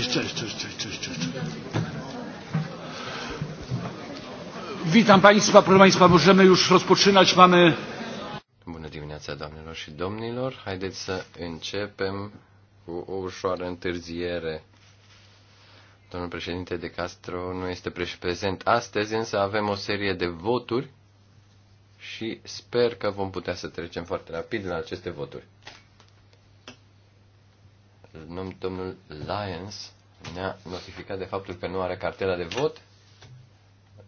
Cześć, cześć, cześć, cześć, cześć, cześć. Witam Państwa, proszę Państwa, możemy już rozpoczynać, mamy... Bună dimineața, doamnelor și domnilor. Haideți să începem cu o ușoară întârziere. Domnul președinte de Castro nu este prezent astăzi, însă avem o serie de voturi și sper că vom putea să trecem foarte rapid la aceste voturi domnul Lyons ne-a notificat de faptul că nu are cartela de vot.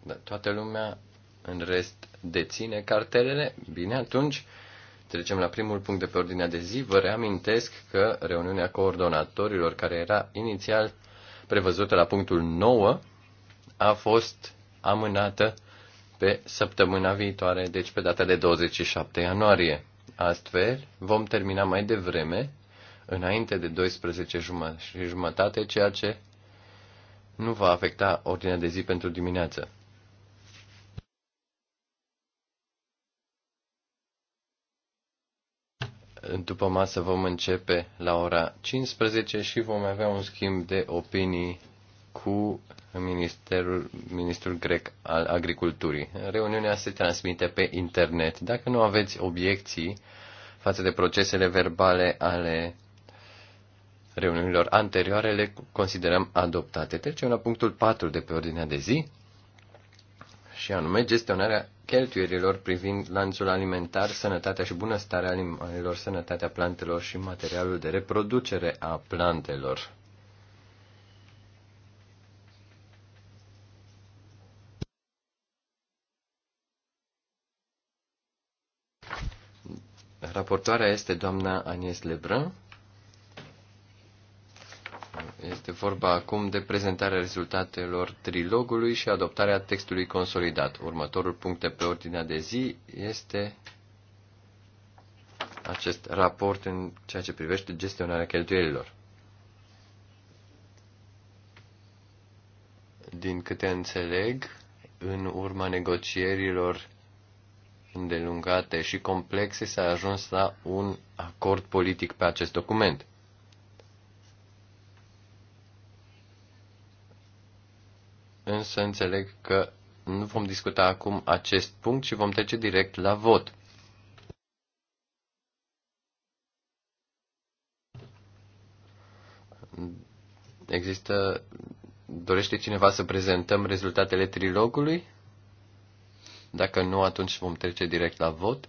Dar toată lumea în rest deține cartelele. Bine, atunci trecem la primul punct de pe ordinea de zi. Vă reamintesc că reuniunea coordonatorilor, care era inițial prevăzută la punctul 9, a fost amânată pe săptămâna viitoare, deci pe data de 27 ianuarie. Astfel, vom termina mai devreme înainte de 12 și jumătate, ceea ce nu va afecta ordinea de zi pentru dimineață. După masă vom începe la ora 15 și vom avea un schimb de opinii cu Ministerul, Ministrul Grec al Agriculturii. Reuniunea se transmite pe internet. Dacă nu aveți obiecții față de procesele verbale ale reuniunilor anterioare le considerăm adoptate. Trecem la punctul 4 de pe ordinea de zi și anume gestionarea cheltuierilor privind lanțul alimentar, sănătatea și bunăstarea animalelor, sănătatea plantelor și materialul de reproducere a plantelor. Raportoarea este doamna Agnes Lebrun. Este vorba acum de prezentarea rezultatelor trilogului și adoptarea textului consolidat. Următorul punct de pe ordinea de zi este acest raport în ceea ce privește gestionarea cheltuielilor. Din câte înțeleg, în urma negocierilor îndelungate și complexe s-a ajuns la un acord politic pe acest document. însă înțeleg că nu vom discuta acum acest punct și vom trece direct la vot. Există... Dorește cineva să prezentăm rezultatele trilogului? Dacă nu, atunci vom trece direct la vot.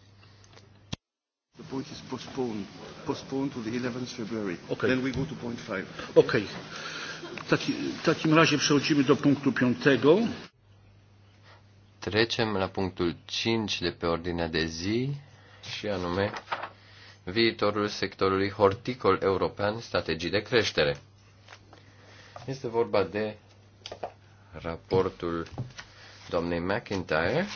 The point is postponed, postponed to the 11th February. Okay. Then we go to point 5. Okay. W takim razie przechodzimy do punktu piątego. Trecem la punctul 5 de pe ordinea de zi și anume viitorul sectorului horticol european, strategii de creștere. Este vorba de raportul doamnei McIntyre.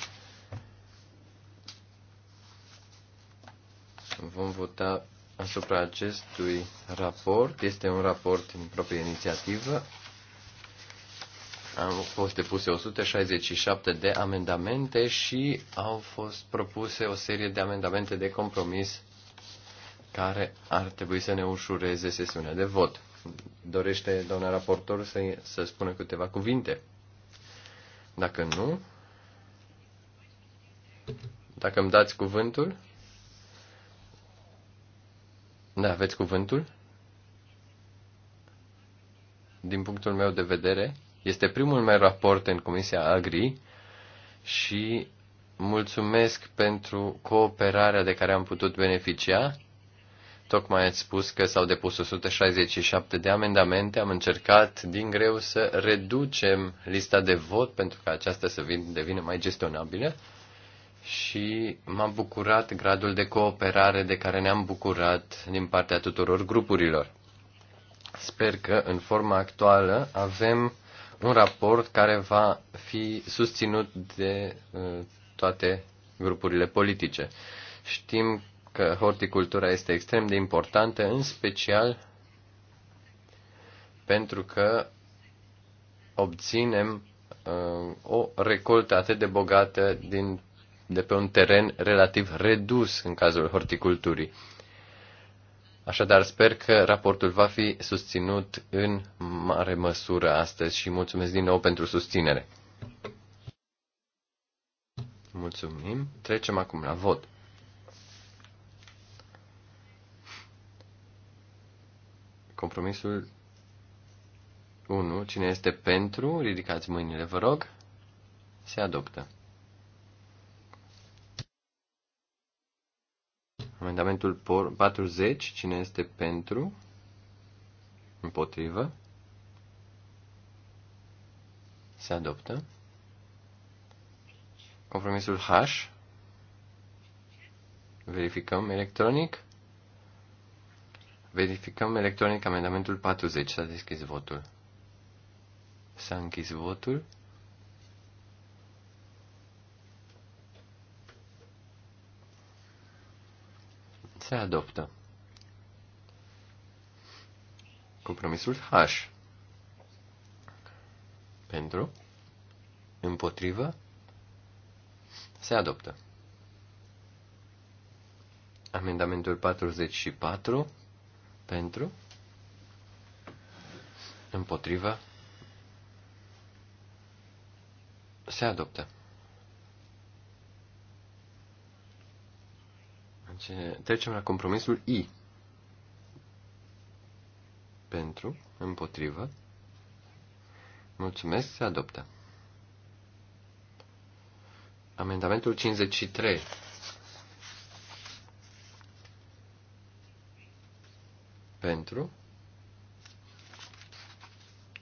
Vom vota asupra acestui raport. Este un raport în proprie inițiativă. Au fost depuse 167 de amendamente și au fost propuse o serie de amendamente de compromis care ar trebui să ne ușureze sesiunea de vot. Dorește doamna raportor să, să spună câteva cuvinte? Dacă nu, dacă îmi dați cuvântul, da, aveți cuvântul? Din punctul meu de vedere, este primul meu raport în Comisia Agri și mulțumesc pentru cooperarea de care am putut beneficia. Tocmai ați spus că s-au depus 167 de amendamente. Am încercat din greu să reducem lista de vot pentru ca aceasta să devină mai gestionabilă și m-a bucurat gradul de cooperare de care ne-am bucurat din partea tuturor grupurilor. Sper că în forma actuală avem un raport care va fi susținut de uh, toate grupurile politice. Știm că horticultura este extrem de importantă, în special pentru că obținem uh, o recoltă atât de bogată din de pe un teren relativ redus în cazul horticulturii. Așadar, sper că raportul va fi susținut în mare măsură astăzi și mulțumesc din nou pentru susținere. Mulțumim. Trecem acum la vot. Compromisul 1. Cine este pentru? Ridicați mâinile, vă rog. Se adoptă. Amendamentul 40, cine este pentru? Împotrivă? Se adoptă. Compromisul H. Verificăm electronic. Verificăm electronic amendamentul 40. S-a deschis votul. S-a închis votul. se adoptă. Compromisul H. Pentru, împotrivă, se adoptă. Amendamentul 44 pentru, împotrivă, se adoptă. ce... Trecem la compromisul I. Pentru, împotrivă. Mulțumesc, se adoptă. Amendamentul 53. Pentru,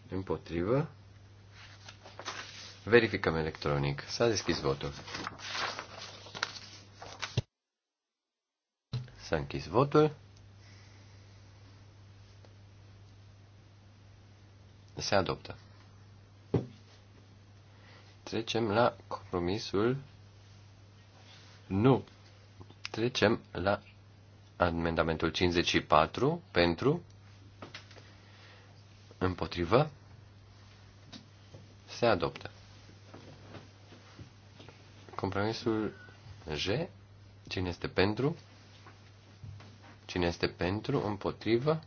împotrivă. Verificăm electronic. S-a deschis votul. S-a închis votul. Se adoptă. Trecem la compromisul. Nu. Trecem la amendamentul 54 pentru împotrivă se adoptă. Compromisul g cine este pentru, Cine este pentru, împotrivă?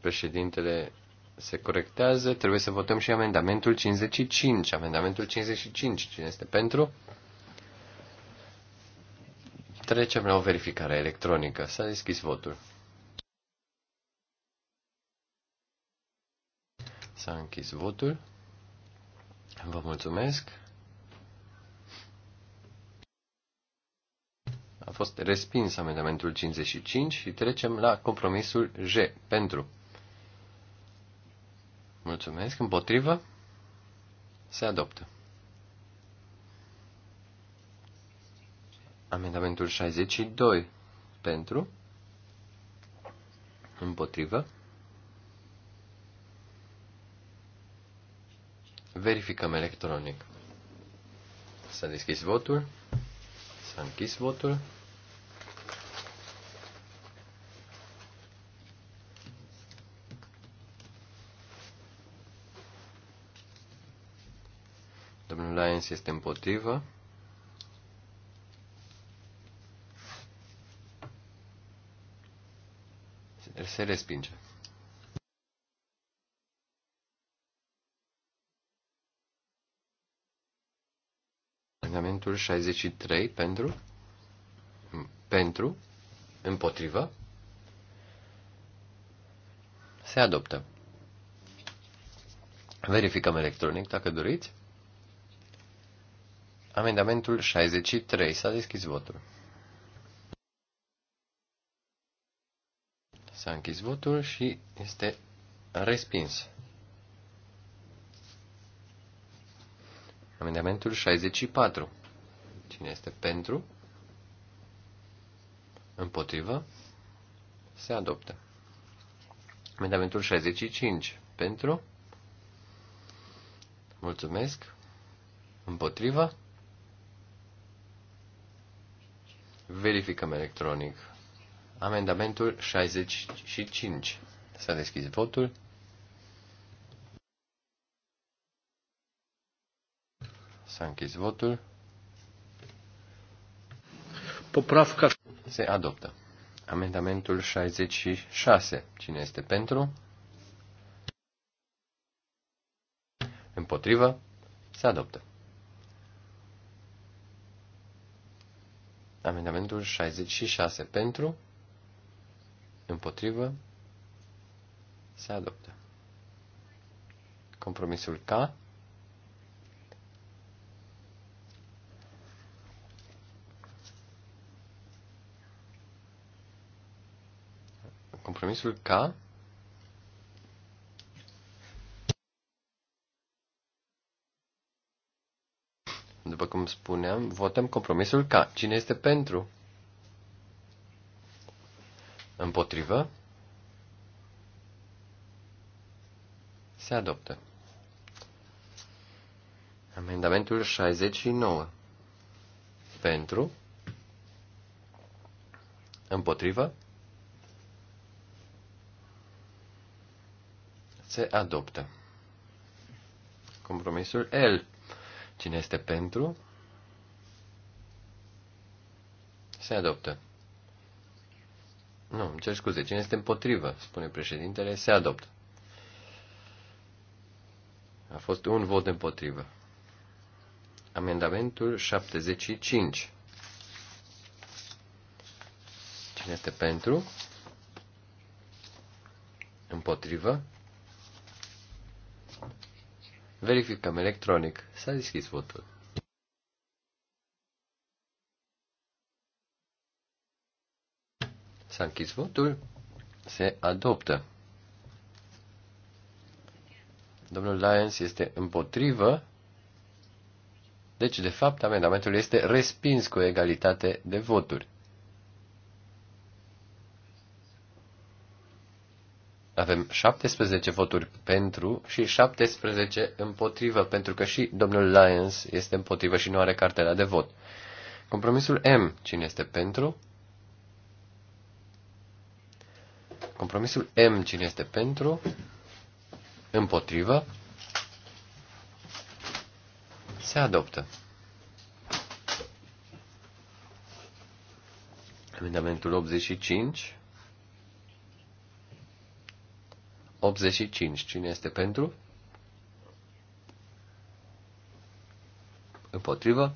Președintele se corectează. Trebuie să votăm și amendamentul 55. Amendamentul 55. Cine este pentru? Trecem la o verificare electronică. S-a deschis votul. S-a închis votul. Vă mulțumesc. A fost respins amendamentul 55 și trecem la compromisul J. Pentru. Mulțumesc. Împotrivă. Se adoptă. Amendamentul 62. Pentru. Împotrivă. Verificăm electronic. S-a deschis votul. Am închis votul. Domnul Lyons este împotrivă. Se respinge. Amendamentul 63 pentru, pentru, împotrivă, se adoptă. Verificăm electronic dacă doriți. Amendamentul 63. S-a deschis votul. S-a închis votul și este respins. Amendamentul 64. Cine este pentru? Împotrivă? Se adoptă. Amendamentul 65. Pentru? Mulțumesc. Împotrivă? Verificăm electronic. Amendamentul 65. S-a deschis votul. S-a închis votul. Poprawka. Se adoptă. Amendamentul 66. Cine este pentru? Împotrivă? Se adoptă. Amendamentul 66 pentru, împotrivă, se adoptă. Compromisul K Compromisul K După cum spuneam, votăm compromisul K. Cine este pentru? Împotrivă? Se adoptă. Amendamentul 69. Pentru? Împotrivă? se adoptă. Compromisul L. Cine este pentru? Se adoptă. Nu, îmi cer scuze. Cine este împotrivă, spune președintele, se adoptă. A fost un vot împotrivă. Amendamentul 75. Cine este pentru? Împotrivă? Verificăm electronic. S-a deschis votul. S-a închis votul. Se adoptă. Domnul Lyons este împotrivă. Deci, de fapt, amendamentul este respins cu egalitate de voturi. Avem 17 voturi pentru și 17 împotrivă, pentru că și domnul Lyons este împotrivă și nu are cartela de vot. Compromisul M. Cine este pentru? Compromisul M. Cine este pentru? Împotrivă? Se adoptă. Amendamentul 85 85. Cine este pentru? Împotrivă?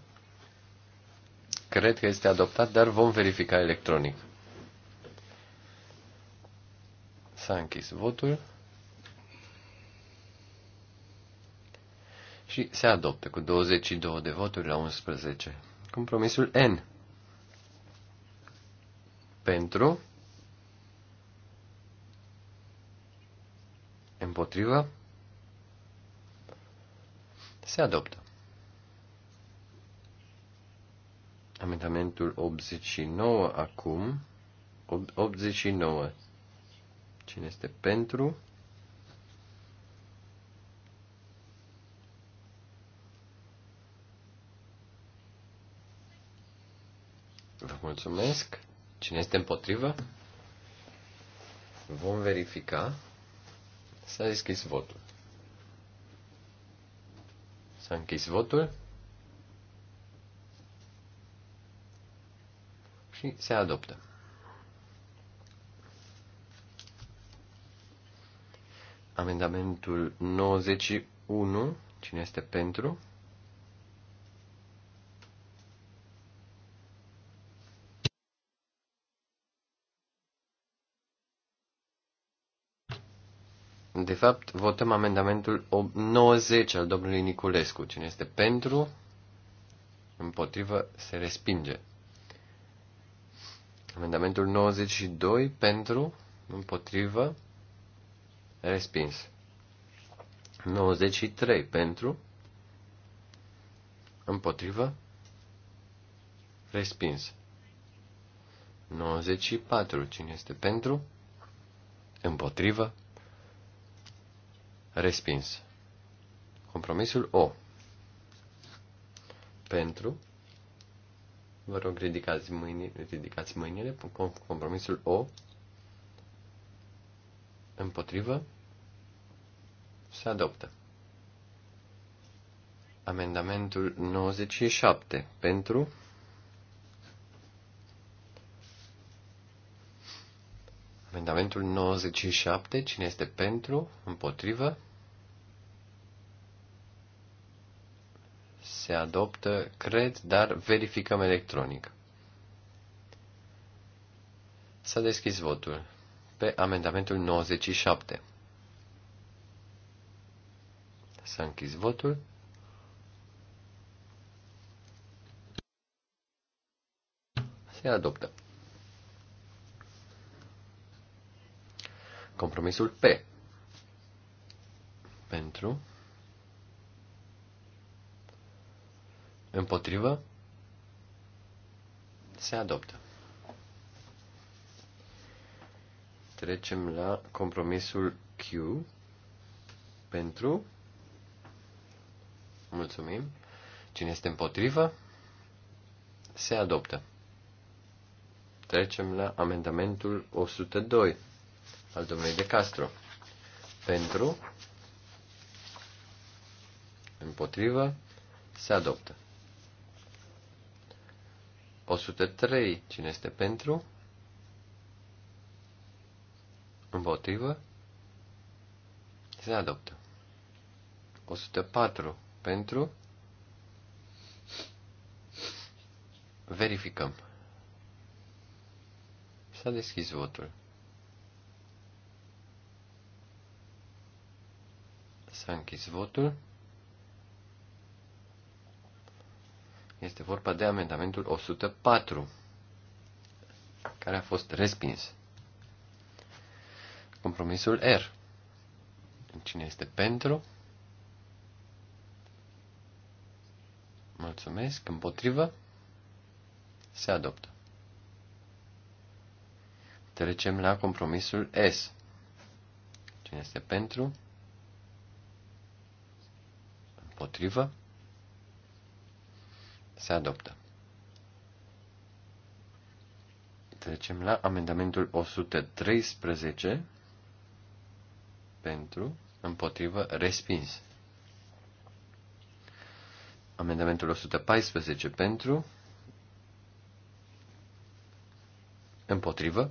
Cred că este adoptat, dar vom verifica electronic. S-a închis votul. Și se adoptă cu 22 de voturi la 11. Compromisul N. Pentru Împotrivă. Se adoptă. Amendamentul 89 acum. 89. Cine este pentru? Vă mulțumesc. Cine este împotrivă? Vom verifica. S-a deschis votul. S-a închis votul. Și se adoptă. Amendamentul 91. Cine este pentru? De fapt, votăm amendamentul 90 al domnului Niculescu. Cine este pentru, împotrivă, se respinge. Amendamentul 92 pentru, împotrivă, respins. 93 pentru, împotrivă, respins. 94. Cine este pentru? Împotrivă? Respins. Compromisul O. Pentru. Vă rog, ridicați, mâini, ridicați mâinile. Compromisul O. Împotrivă. Se adoptă. Amendamentul 97. Pentru. Amendamentul 97, cine este pentru, împotrivă, se adoptă, cred, dar verificăm electronic. S-a deschis votul pe amendamentul 97. S-a închis votul. Se adoptă. Compromisul P. Pentru. Împotrivă. Se adoptă. Trecem la compromisul Q. Pentru. Mulțumim. Cine este împotrivă? Se adoptă. Trecem la amendamentul 102 al domnului De Castro. Pentru, împotrivă, se adoptă. 103. Cine este pentru? Împotrivă? Se adoptă. 104. Pentru? Verificăm. S-a deschis votul. să închizi votul. Este vorba de amendamentul 104, care a fost respins. Compromisul R. Cine este pentru? Mulțumesc. Împotrivă? Se adoptă. Trecem la compromisul S. Cine este pentru? Împotrivă. Se adoptă. Trecem la amendamentul 113 pentru, împotrivă, respins. Amendamentul 114 pentru, împotrivă,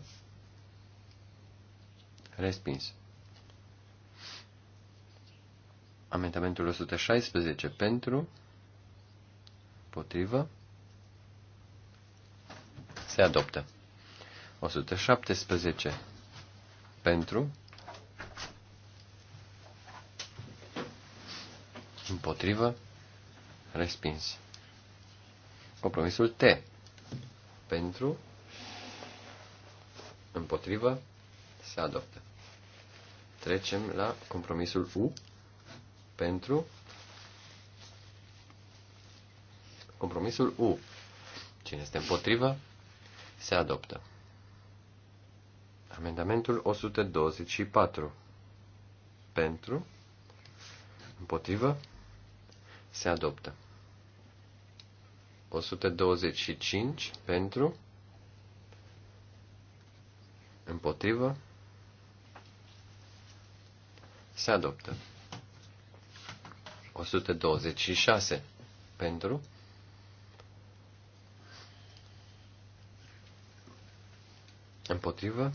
respins. Amendamentul 116 pentru, potrivă, se adoptă. 117 pentru, împotrivă, respins. Compromisul T pentru, împotrivă, se adoptă. Trecem la compromisul U pentru compromisul U. Cine este împotrivă, se adoptă. Amendamentul 124. Pentru, împotrivă, se adoptă. 125 pentru, împotrivă, se adoptă. 126 pentru împotrivă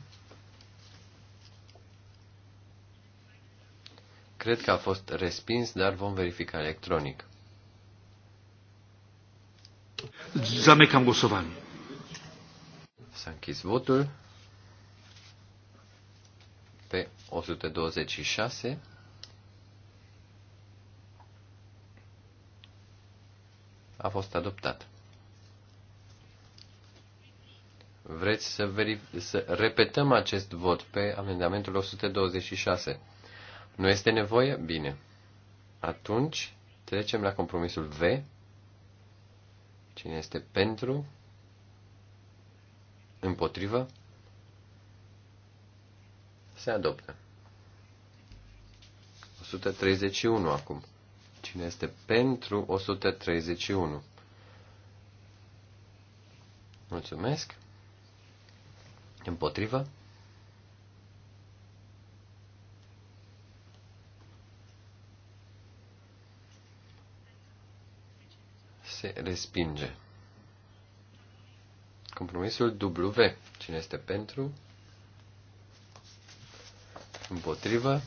Cred că a fost respins, dar vom verifica electronic. Zamecam głosowanie. S-a închis votul pe 126. a fost adoptat. Vreți să, verif- să repetăm acest vot pe amendamentul 126? Nu este nevoie? Bine. Atunci trecem la compromisul V. Cine este pentru? Împotrivă? Se adoptă. 131 acum. Cine este pentru 131? Mulțumesc. Împotrivă? Se respinge. Compromisul W. Cine este pentru? Împotrivă?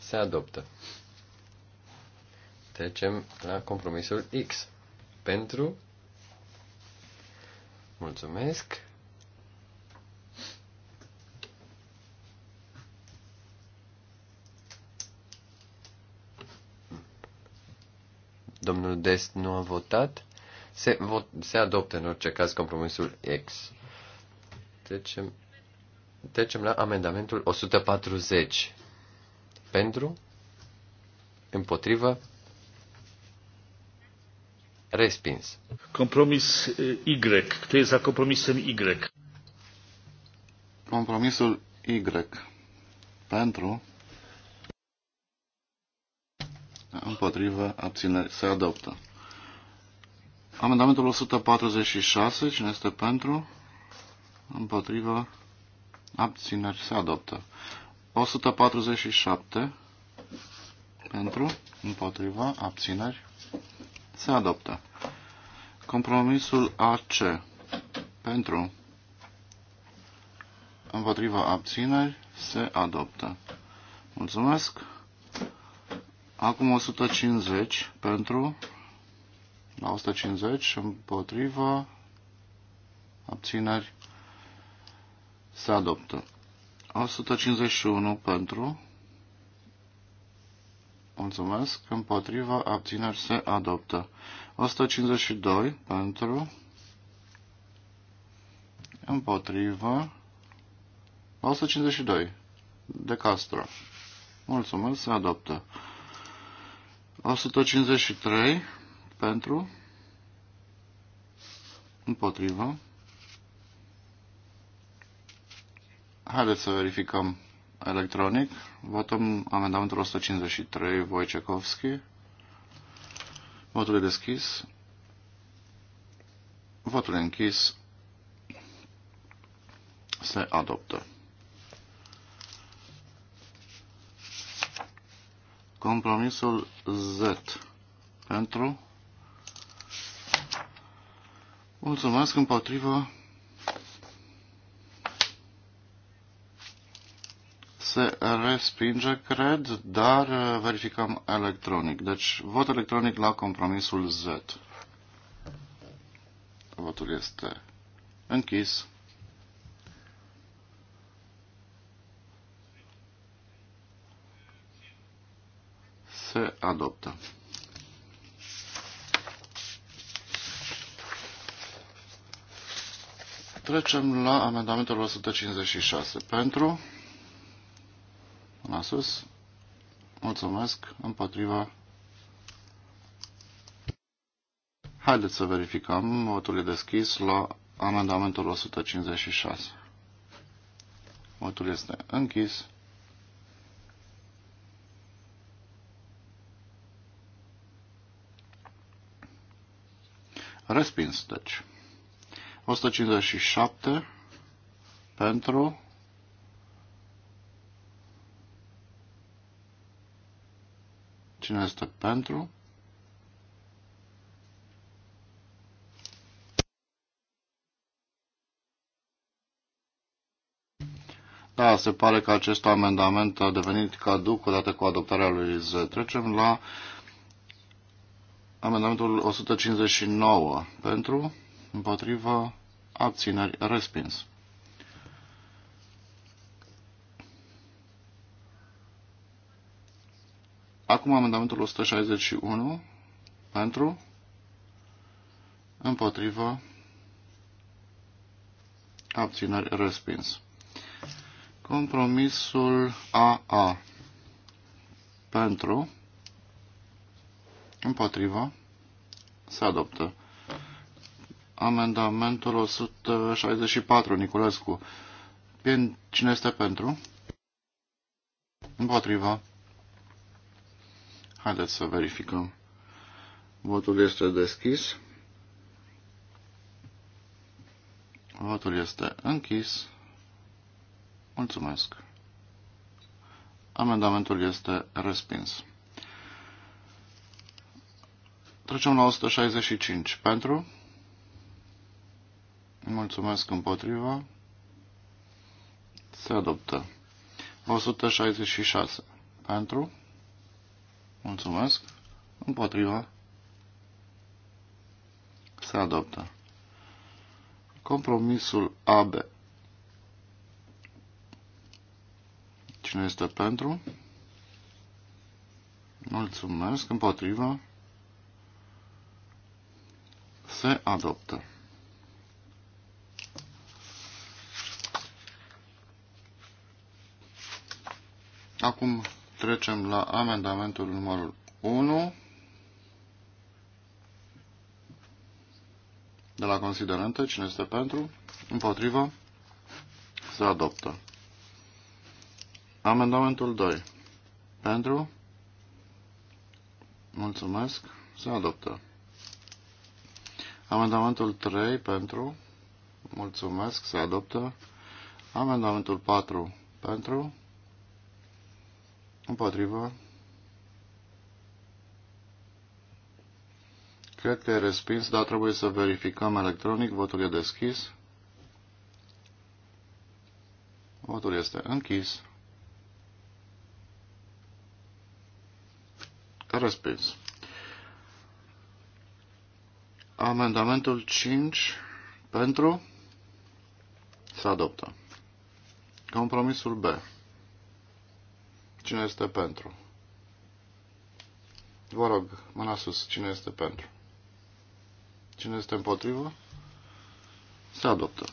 Se adoptă. Trecem la compromisul X. Pentru. Mulțumesc. Domnul Dest nu a votat. Se, vot, se adoptă în orice caz compromisul X. Trecem, trecem la amendamentul 140. Pentru, împotrivă, Respins. Compromis eh, Y. Kto jest za Y? Compromisul Y. Pentru. Împotrivă. Abțineri. Se adoptă. Amendamentul 146. Cine este pentru? Împotrivă. Abțineri. Se adoptă. 147. Pentru. Împotriva. Abțineri se adoptă. Compromisul AC. Pentru. Împotriva abțineri. Se adoptă. Mulțumesc. Acum 150 pentru. La 150 împotriva abțineri. Se adoptă. 151 pentru Mulțumesc. Împotriva abțineri se adoptă. 152 pentru. Împotriva. 152. De Castro. Mulțumesc. Se adoptă. 153 pentru. Împotriva. Haideți să verificăm electronic. Votăm amendamentul 153, Wojciechowski. Votul e deschis. Votul e închis. Se adoptă. Compromisul Z pentru Mulțumesc împotriva se respinge, cred, dar uh, verificăm electronic. Deci, vot electronic la compromisul Z. Votul este închis. Se adoptă. Trecem la amendamentul 156. Pentru mâna Mulțumesc. Împotriva. Haideți să verificăm. Votul e deschis la amendamentul 156. Votul este închis. Respins, deci. 157 pentru Cine este pentru? Da, se pare că acest amendament a devenit caduc odată cu adoptarea lui Z. Trecem la amendamentul 159. Pentru, împotriva abțineri, respins. Acum amendamentul 161 pentru, împotrivă, abțineri respins. Compromisul AA pentru, împotrivă, se adoptă. Amendamentul 164, Niculescu. Cine este pentru? Împotrivă. Haideți să verificăm. Votul este deschis. Votul este închis. Mulțumesc. Amendamentul este respins. Trecem la 165. Pentru. Mulțumesc împotriva. Se adoptă. 166. Pentru. Mulțumesc. Împotriva. Se adoptă. Compromisul AB. Cine este pentru? Mulțumesc. Împotriva. Se adoptă. Acum Trecem la amendamentul numărul 1 de la considerente. Cine este pentru? Împotrivă? Se adoptă. Amendamentul 2. Pentru? Mulțumesc. Se adoptă. Amendamentul 3 pentru. Mulțumesc. Se adoptă. Amendamentul 4 pentru. Împotrivă. Cred că e respins, dar trebuie să verificăm electronic. Votul e deschis. Votul este închis. Respins. Amendamentul 5 pentru se adoptă. Compromisul B. Cine este pentru? Vă rog, mâna sus. Cine este pentru? Cine este împotrivă? Se adoptă.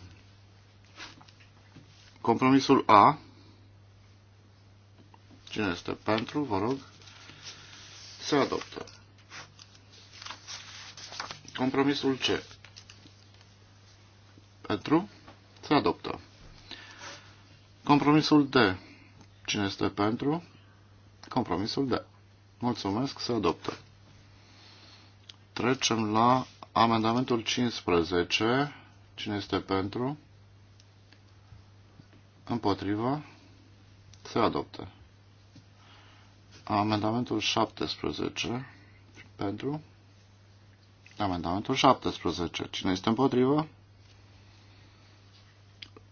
Compromisul A. Cine este pentru? Vă rog. Se adoptă. Compromisul C. Pentru? Se adoptă. Compromisul D Cine este pentru? Compromisul D. Mulțumesc, se adoptă. Trecem la amendamentul 15. Cine este pentru? Împotrivă? Se adoptă. Amendamentul 17. Pentru? Amendamentul 17. Cine este împotrivă?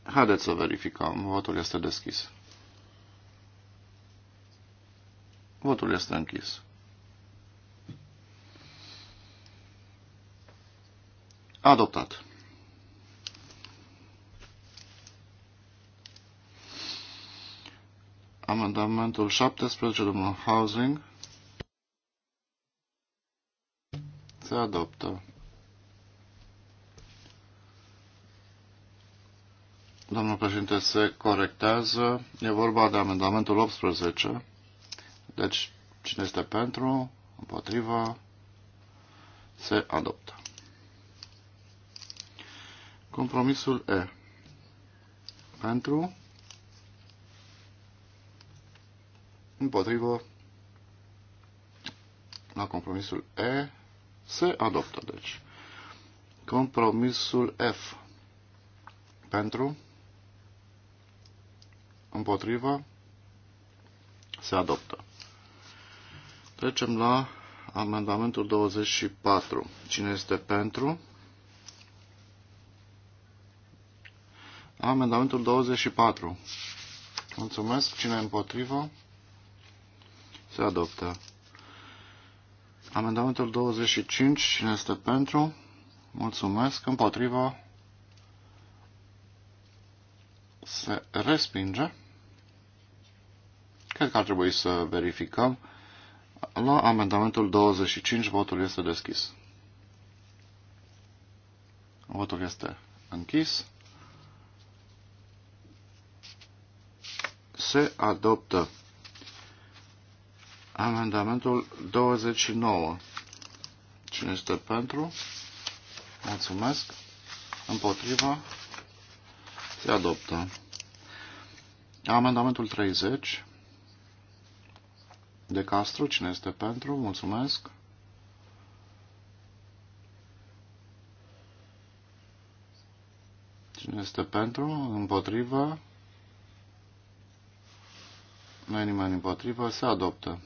Haideți să verificăm. Votul este deschis. Votul este închis. Adoptat. Amendamentul 17, domnul Housing, se adoptă. Domnul președinte, se corectează. E vorba de amendamentul 18. Deci, cine este pentru, împotriva, se adoptă. Compromisul E. Pentru, împotriva, la compromisul E se adoptă, deci. Compromisul F. Pentru, împotriva, se adoptă. Trecem la amendamentul 24. Cine este pentru? Amendamentul 24. Mulțumesc. Cine împotrivă? Se adoptă. Amendamentul 25. Cine este pentru? Mulțumesc. Împotrivă? Se respinge. Cred că ar trebui să verificăm. La amendamentul 25 votul este deschis. Votul este închis. Se adoptă amendamentul 29. Cine este pentru? Mulțumesc. Împotriva? Se adoptă. Amendamentul 30. De Castro, cine este pentru? Mulțumesc. Cine este pentru? Împotrivă? Nu e nimeni împotrivă. Se adoptă.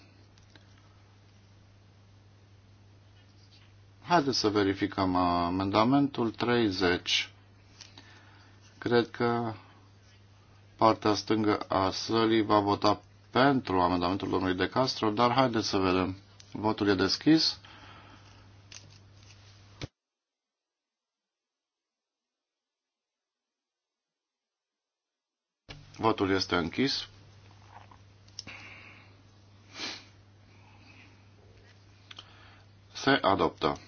Haideți să verificăm amendamentul 30. Cred că partea stângă a sălii va vota pentru amendamentul domnului De Castro, dar haideți să vedem. Votul e deschis. Votul este închis. Se adoptă.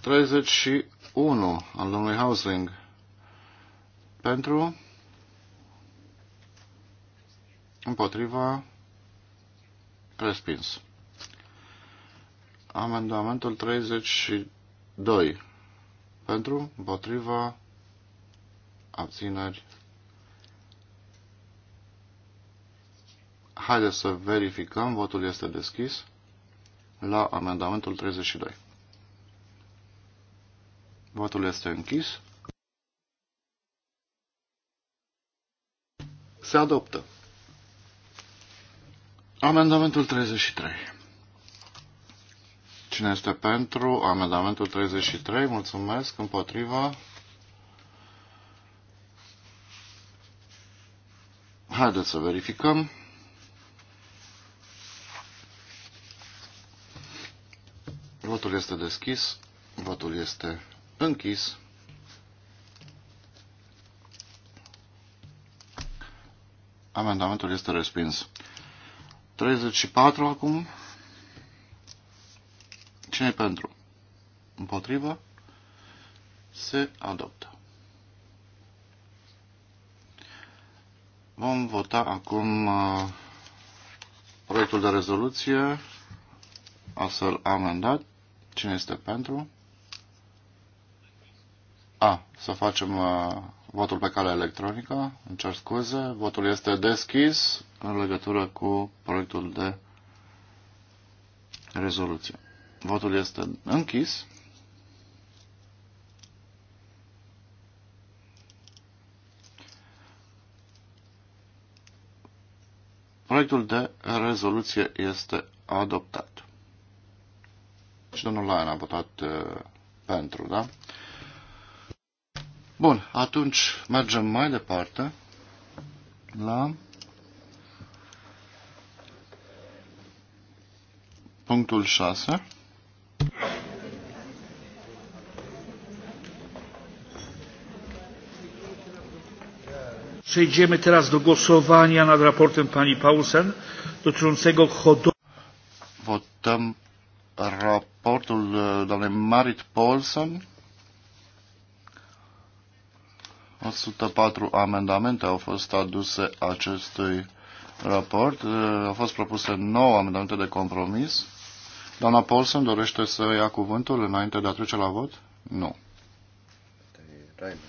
31 al domnului Hausling pentru împotriva Respins. Amendamentul 32. Pentru, împotriva, abțineri. Haideți să verificăm. Votul este deschis la amendamentul 32. Votul este închis. Se adoptă. Amendamentul 33. Cine este pentru amendamentul 33? Mulțumesc. Împotriva. Haideți să verificăm. Votul este deschis. Votul este închis. Amendamentul este respins. 34 acum. cine pentru? Împotrivă? Se adoptă. Vom vota acum uh, proiectul de rezoluție să-l amendat. Cine este pentru? A, să facem uh, Votul pe cale electronică, îmi cer scuze, votul este deschis în legătură cu proiectul de rezoluție. Votul este închis. Proiectul de rezoluție este adoptat. Și domnul Lain a votat uh, pentru, da? Bun, atunci mergem mai departe la punctul 6. Przejdziemy teraz do głosowania nad raportem pani Paulsen dotyczącego hodowli. Votăm raportul domnului Marit Paulsen 104 amendamente au fost aduse acestui raport. Eh, au fost propuse 9 amendamente de compromis. Doamna Paulson dorește să ia cuvântul înainte de a trece la vot? Nu. Raimond.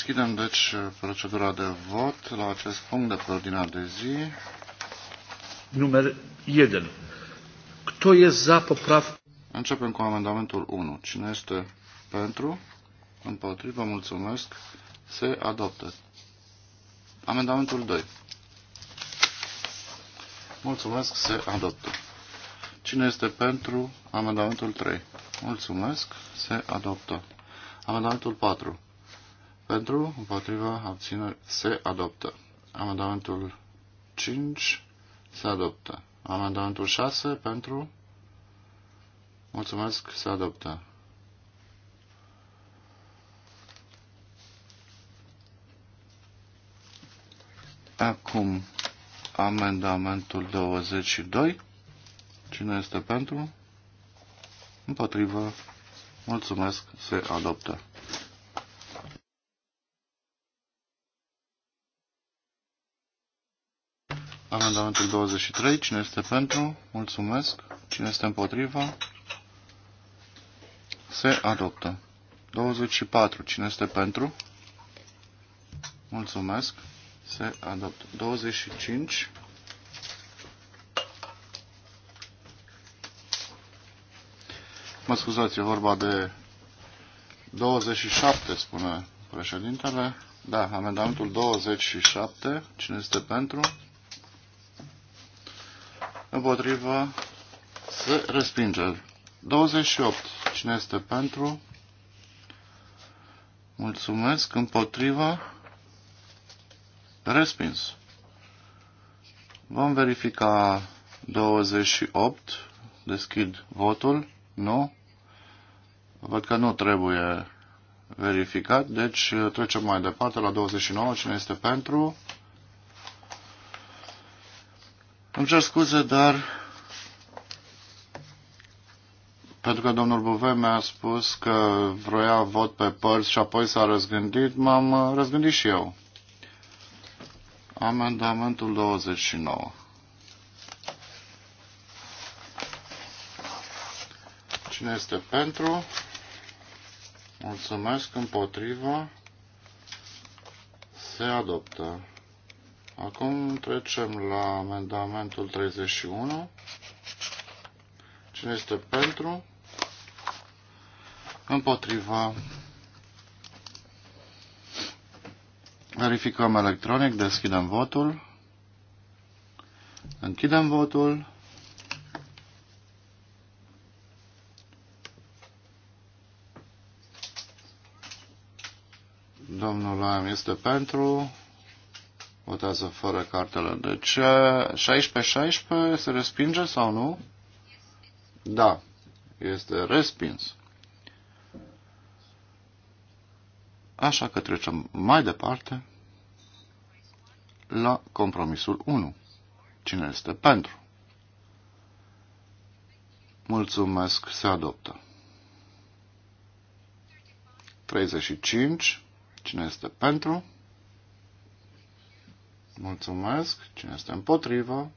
Deschidem, deci, procedura de vot la acest punct de pe ordinea de zi. Numer 1. Kto jest za poprav... Începem cu amendamentul 1. Cine este pentru? Împotrivă, mulțumesc. Se adoptă. Amendamentul 2. Mulțumesc, se adoptă. Cine este pentru amendamentul 3? Mulțumesc, se adoptă. Amendamentul 4. Pentru, împotriva, abțineri, se adoptă. Amendamentul 5 se adoptă. Amendamentul 6 pentru, mulțumesc, se adoptă. Acum, amendamentul 22. Cine este pentru? Împotrivă. Mulțumesc. Se adoptă. Amendamentul 23. Cine este pentru? Mulțumesc. Cine este împotrivă? Se adoptă. 24. Cine este pentru? Mulțumesc. Se adoptă. 25. Mă scuzați, e vorba de 27, spune președintele. Da, amendamentul 27. Cine este pentru? împotrivă, se respinge. 28. Cine este pentru? Mulțumesc. Împotriva? Respins. Vom verifica 28. Deschid votul. Nu. Văd că nu trebuie verificat, deci trecem mai departe la 29. Cine este pentru? Îmi cer scuze, dar pentru că domnul Buve mi-a spus că vroia vot pe părți și apoi s-a răzgândit, m-am uh, răzgândit și eu. Amendamentul 29. Cine este pentru? Mulțumesc, împotriva. Se adoptă. Acum trecem la amendamentul 31. Cine este pentru? Împotriva. Verificăm electronic, deschidem votul. Închidem votul. Domnul Am este pentru. Votează fără cartele. Deci 16-16 se respinge sau nu? Da, este respins. Așa că trecem mai departe la compromisul 1. Cine este pentru? Mulțumesc, se adoptă. 35. Cine este pentru? Mulțumesc. Cine este împotrivă?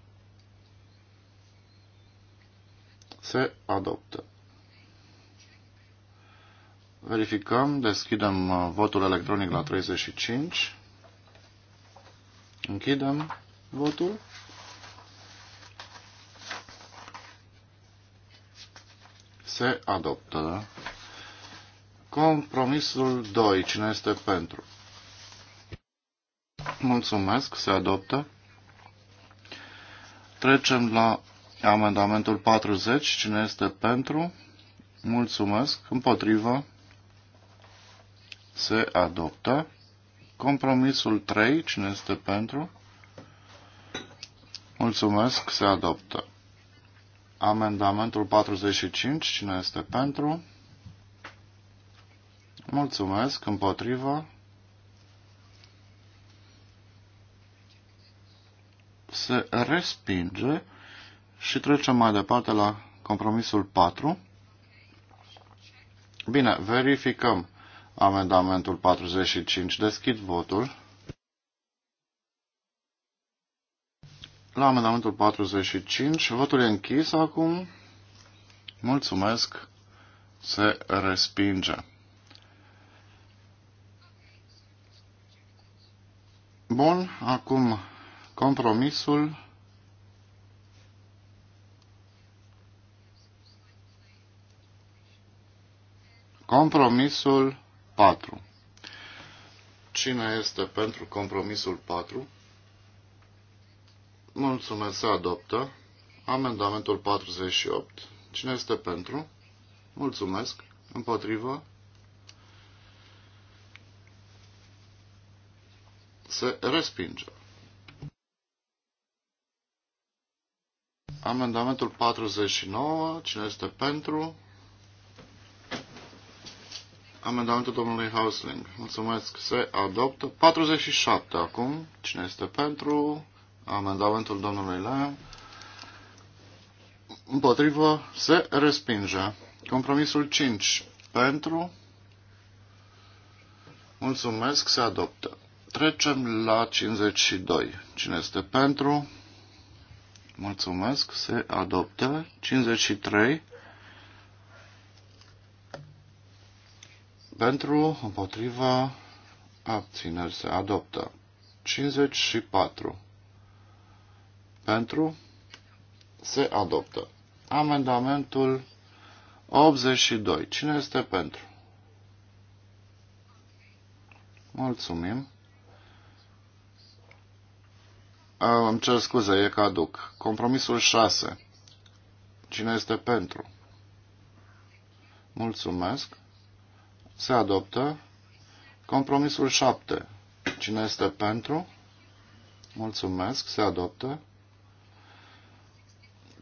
Se adoptă. Verificăm, deschidem uh, votul electronic la 35. Închidem votul. Se adoptă. Compromisul 2. Cine este pentru? Mulțumesc, se adoptă. Trecem la amendamentul 40. Cine este pentru? Mulțumesc. Împotrivă. Se adoptă. Compromisul 3. Cine este pentru? Mulțumesc. Se adoptă. Amendamentul 45. Cine este pentru? Mulțumesc. Împotrivă. se respinge și trecem mai departe la compromisul 4. Bine, verificăm amendamentul 45. Deschid votul. La amendamentul 45, votul e închis acum. Mulțumesc. Se respinge. Bun, acum Compromisul Compromisul 4. Cine este pentru compromisul 4? Mulțumesc, se adoptă. Amendamentul 48. Cine este pentru? Mulțumesc. Împotrivă? Se respinge. Amendamentul 49. Cine este pentru? Amendamentul domnului Hausling. Mulțumesc. Se adoptă. 47 acum. Cine este pentru? Amendamentul domnului Lea. Împotrivă. Se respinge. Compromisul 5. Pentru. Mulțumesc. Se adoptă. Trecem la 52. Cine este pentru? Pentru. Mulțumesc. Se adoptă. 53. Pentru, împotriva, abțineri. Se adoptă. 54. Pentru, se adoptă. Amendamentul 82. Cine este pentru? Mulțumim. Îmi cer scuze, e caduc. Compromisul 6. Cine este pentru? Mulțumesc. Se adoptă. Compromisul 7. Cine este pentru? Mulțumesc. Se adoptă.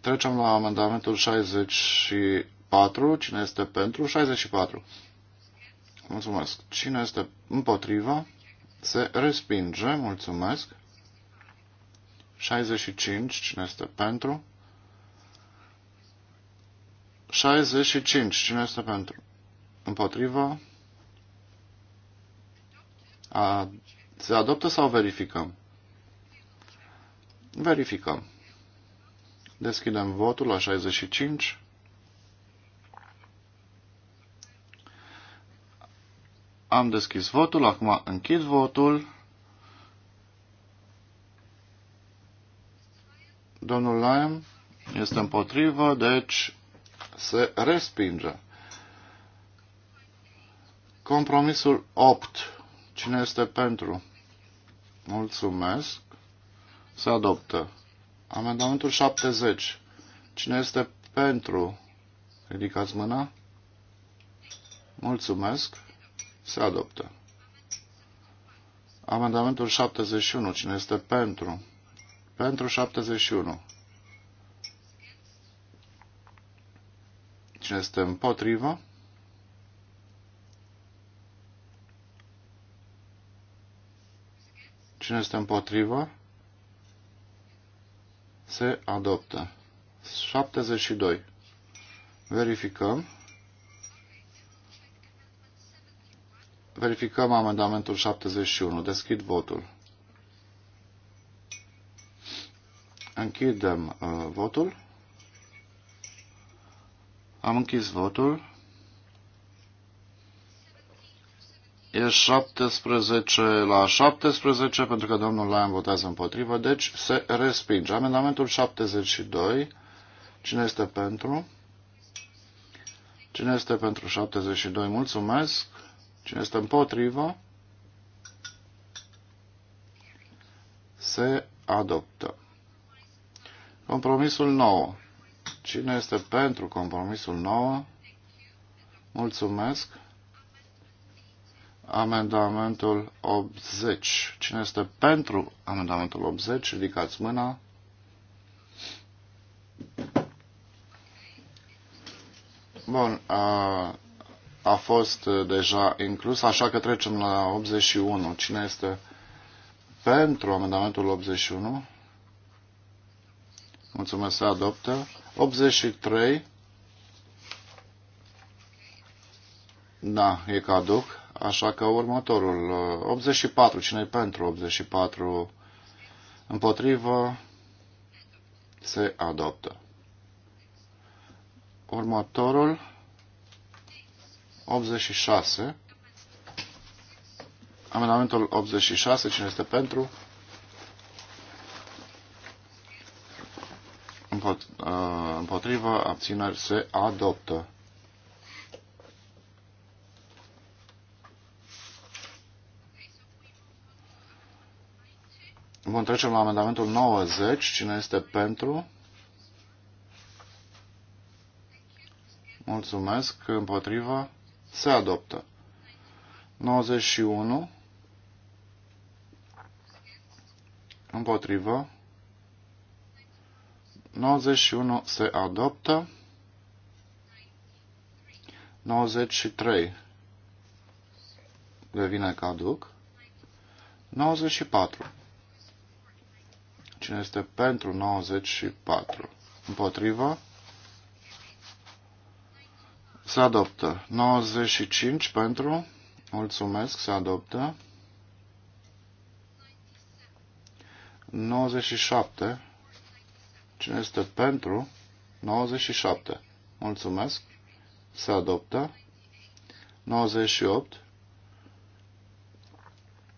Trecem la amendamentul 64. Cine este pentru? 64. Mulțumesc. Cine este împotriva? Se respinge. Mulțumesc. 65, cine este pentru? 65, cine este pentru? Împotrivă? A, se adoptă sau verificăm? Verificăm. Deschidem votul la 65. Am deschis votul, acum închid votul. Domnul Lyon este împotrivă, deci se respinge. Compromisul 8. Cine este pentru? Mulțumesc. Se adoptă. Amendamentul 70. Cine este pentru? Ridicați mâna. Mulțumesc. Se adoptă. Amendamentul 71. Cine este pentru? pentru 71. Cine este împotrivă? Cine este împotrivă? Se adoptă. 72. Verificăm. Verificăm amendamentul 71. Deschid votul. Închidem uh, votul. Am închis votul. E 17 la 17 pentru că domnul Lyon votează împotrivă, deci se respinge. Amendamentul 72. Cine este pentru? Cine este pentru 72? Mulțumesc. Cine este împotrivă? Se adoptă. Compromisul nou. Cine este pentru compromisul nou? Mulțumesc. Amendamentul 80. Cine este pentru amendamentul 80? Ridicați mâna. Bun, a, a fost uh, deja inclus, așa că trecem la 81. Cine este pentru amendamentul 81? Mulțumesc, se adoptă. 83. Da, e caduc. Așa că următorul. 84. Uh, Cine-i pentru 84? Împotrivă. Se adoptă. Următorul. 86. Amendamentul 86. Cine este pentru? Uh, împotrivă, abțineri se adoptă. Bun, trecem la amendamentul 90. Cine este pentru? Mulțumesc. Împotrivă? Se adoptă. 91. Împotrivă? 91 se adoptă. 93 devine caduc. 94. Cine este pentru 94? Împotriva? Se adoptă. 95 pentru. Mulțumesc, se adoptă. 97 Cine este pentru? 97. Mulțumesc. Se adoptă. 98.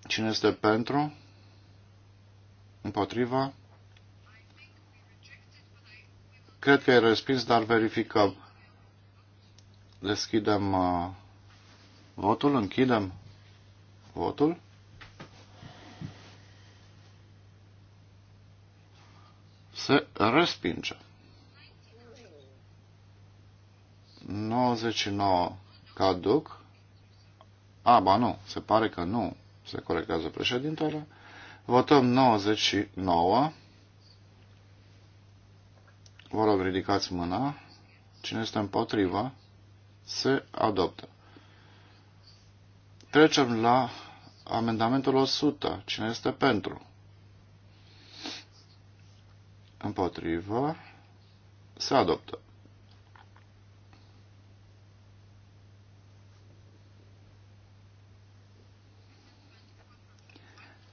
Cine este pentru? Împotriva? Cred că e respins, dar verificăm. Deschidem uh, votul, închidem votul. se respinge. 99 caduc. A, ba nu, se pare că nu se corectează președintele. Votăm 99. Vă rog, ridicați mâna. Cine este împotriva, se adoptă. Trecem la amendamentul 100. Cine este pentru? împotrivă, se adoptă.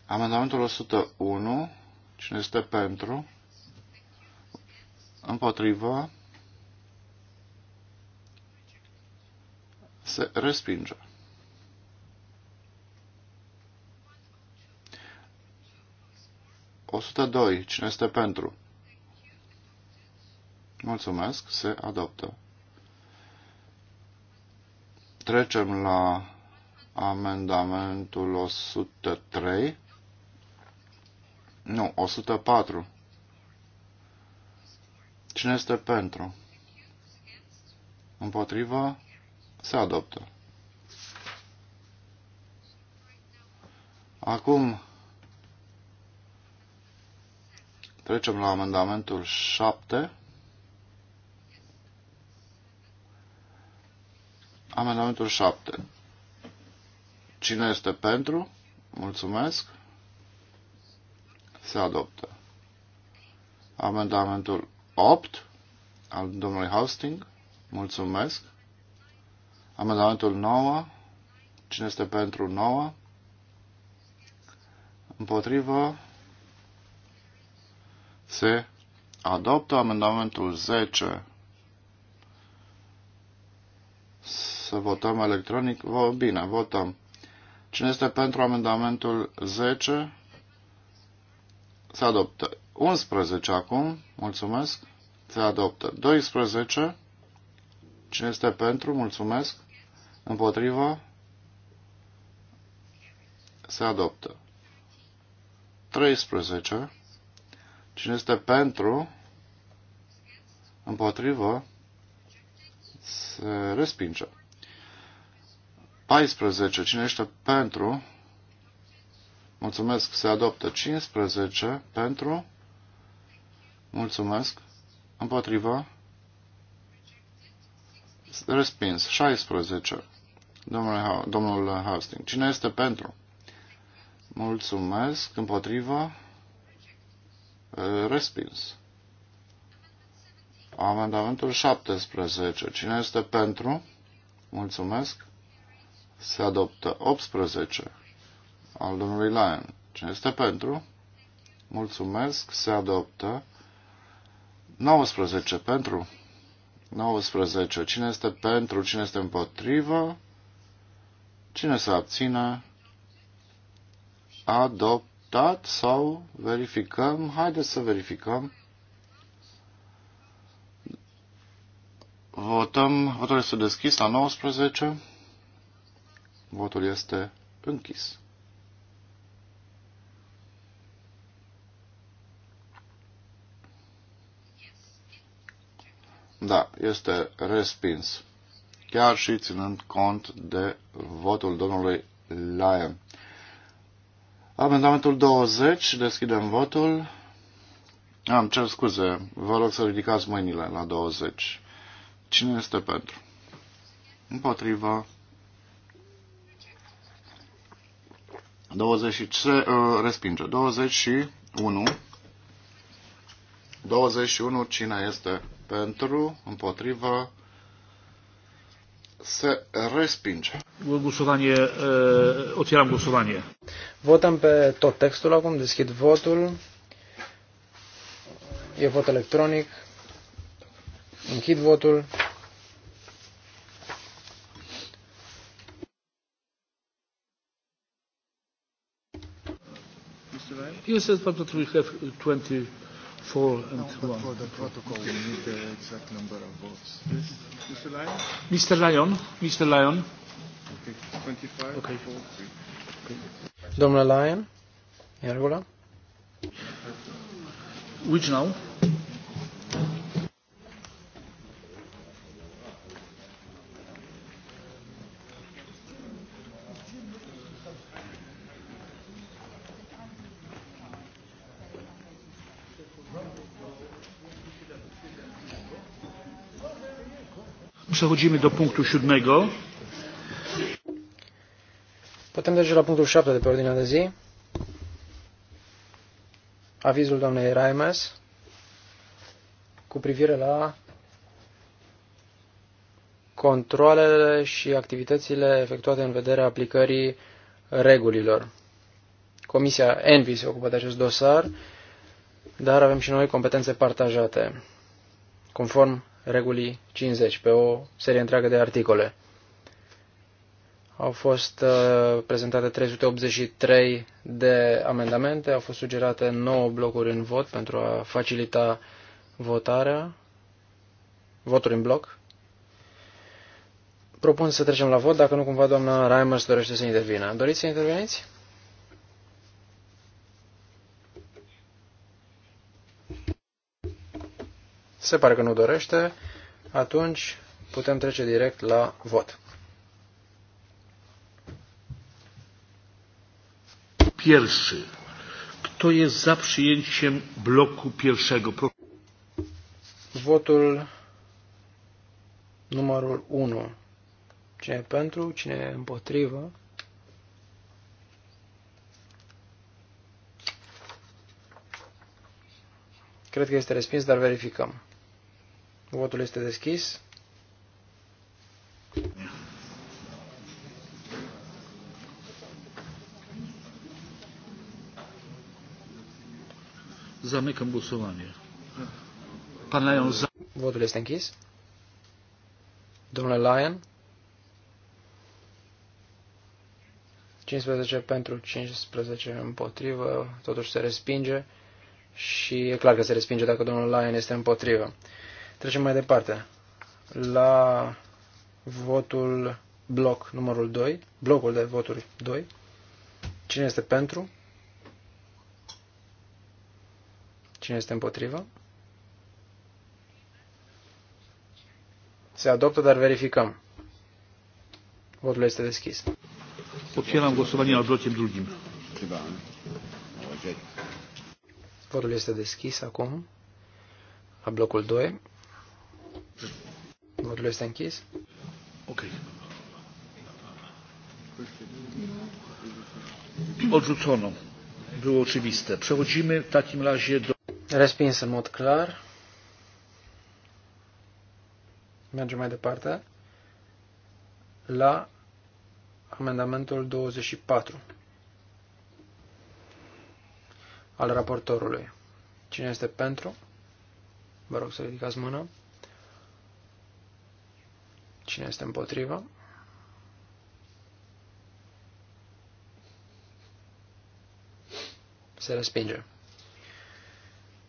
Amendamentul 101, cine este pentru, împotrivă, se respinge. O 102. Cine este pentru? Mulțumesc, se adoptă. Trecem la amendamentul 103. Nu, 104. Cine este pentru? Împotriva? Se adoptă. Acum trecem la amendamentul 7. Amendamentul 7. Cine este pentru? Mulțumesc. Se adoptă. Amendamentul 8 al domnului Hosting. Mulțumesc. Amendamentul 9. Cine este pentru 9? Împotrivă. Se adoptă amendamentul 10 să votăm electronic. Bine, votăm. Cine este pentru amendamentul 10? Se adoptă. 11 acum. Mulțumesc. Se adoptă. 12. Cine este pentru? Mulțumesc. Împotrivă? Se adoptă. 13. Cine este pentru? Împotrivă? Se respinge. 14. Cine este pentru? Mulțumesc. Se adoptă. 15. Pentru? Mulțumesc. Împotriva? Respins. 16. domnul Hastings. Cine este pentru? Mulțumesc. Împotriva? Respins. Amendamentul 17. Cine este pentru? Mulțumesc se adoptă 18 al domnului Lion. Ce este pentru? Mulțumesc, se adoptă 19 pentru 19. Cine este pentru, cine este împotrivă, cine se abține, adoptat sau verificăm. Haideți să verificăm. Votăm, votul este deschis la 19. Votul este închis. Da, este respins. Chiar și ținând cont de votul domnului Lyon. Amendamentul 20, deschidem votul. Am cer scuze, vă rog să ridicați mâinile la 20. Cine este pentru? Împotriva. 23, uh, respinge. 21. 21. Cine este pentru, împotrivă, se respinge. Głosowanie, uh, otiram głosowanie. Votăm pe tot textul acum, deschid votul. E vot electronic. Închid votul. You said that we have 24 and no, but 1. for the protocol, we need the exact number of votes. Yes. Mr. Lyon? Mr. Lyon? Mr. Lyon? Okay, 25, okay. 4, 3. Okay. Domnule Lyon, e regulă? Which now? Przechodzimy do punktu siódmego. Potem też la punctul siódmego de pe ordinea de zi. Avizul doamnei Raimes cu privire la controlele și activitățile efectuate în vederea aplicării regulilor. Comisia ENVI se ocupă de acest dosar, dar avem și noi competențe partajate. Conform regulii 50 pe o serie întreagă de articole. Au fost uh, prezentate 383 de amendamente, au fost sugerate 9 blocuri în vot pentru a facilita votarea, voturi în bloc. Propun să trecem la vot, dacă nu cumva doamna Reimers dorește să intervină. Doriți să interveniți? Se pare că nu dorește. Atunci putem trece direct la vot. Pierwszy. Kto jest za przyjęciem bloku pierwszego? Votul numărul 1. Cine e pentru, cine e împotrivă? Cred că este respins, dar verificăm. Votul este deschis. Zamykam głosowanie. Pan Lion za. Votul este închis. Domnule Lion. 15 pentru, 15 împotrivă, totuși se respinge și e clar că se respinge dacă domnul Lion este împotrivă. Trecem mai departe la votul bloc numărul 2, blocul de voturi 2. Cine este pentru? Cine este împotrivă? Se adoptă, dar verificăm. Votul este deschis. Popieram głosowanie al blocului drugim. Votul este deschis acum, la blocul 2. Votul este închis. Ok. Odrzucono. Było oczywiste. Przechodzimy w takim razie do... Respins în mod clar. Mergem mai departe la amendamentul 24 al raportorului. Cine este pentru? Vă rog să ridicați mâna. Cine este împotrivă? Se respinge.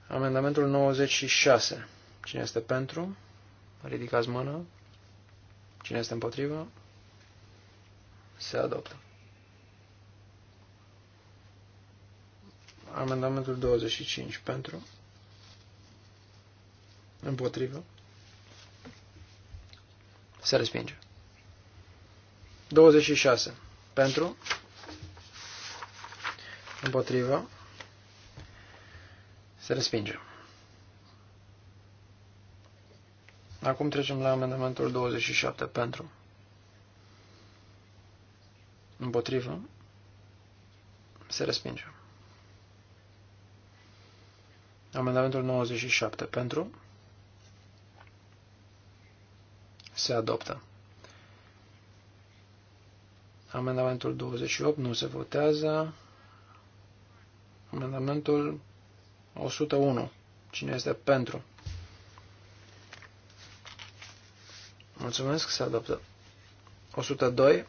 Amendamentul 96. Cine este pentru? Ridicați mână. Cine este împotrivă? Se adoptă. Amendamentul 25. Pentru? Împotrivă? Se respinge. 26. Pentru. Împotrivă. Se respinge. Acum trecem la amendamentul 27. Pentru. Împotrivă. Se respinge. Amendamentul 97. Pentru. se adoptă. Amendamentul 28 nu se votează. Amendamentul 101. Cine este pentru? Mulțumesc, se adoptă. 102.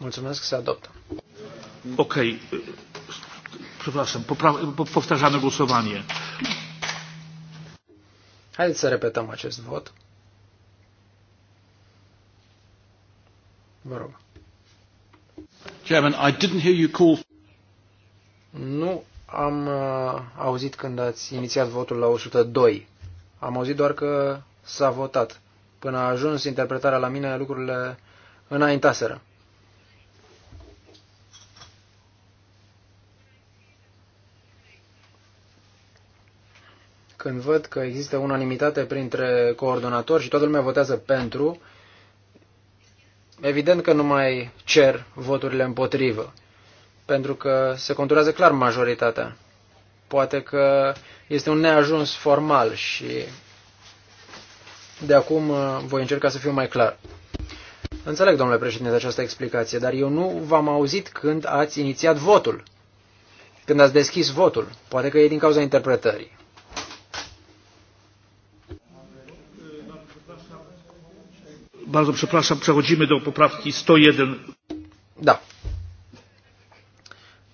Mulțumesc, se adoptă. Ok. Przepraszam, powtarzamy głosowanie. Haideți să repetăm acest vot. Vă rog. Chairman, I didn't hear you call. Nu am uh, auzit când ați inițiat votul la 102. Am auzit doar că s-a votat. Până a ajuns interpretarea la mine, lucrurile înaintaseră. când văd că există unanimitate printre coordonatori și toată lumea votează pentru, evident că nu mai cer voturile împotrivă, pentru că se conturează clar majoritatea. Poate că este un neajuns formal și de acum uh, voi încerca să fiu mai clar. Înțeleg, domnule președinte, această explicație, dar eu nu v-am auzit când ați inițiat votul, când ați deschis votul. Poate că e din cauza interpretării. Bardzo przepraszam, przechodzimy do poprawki 101. Da.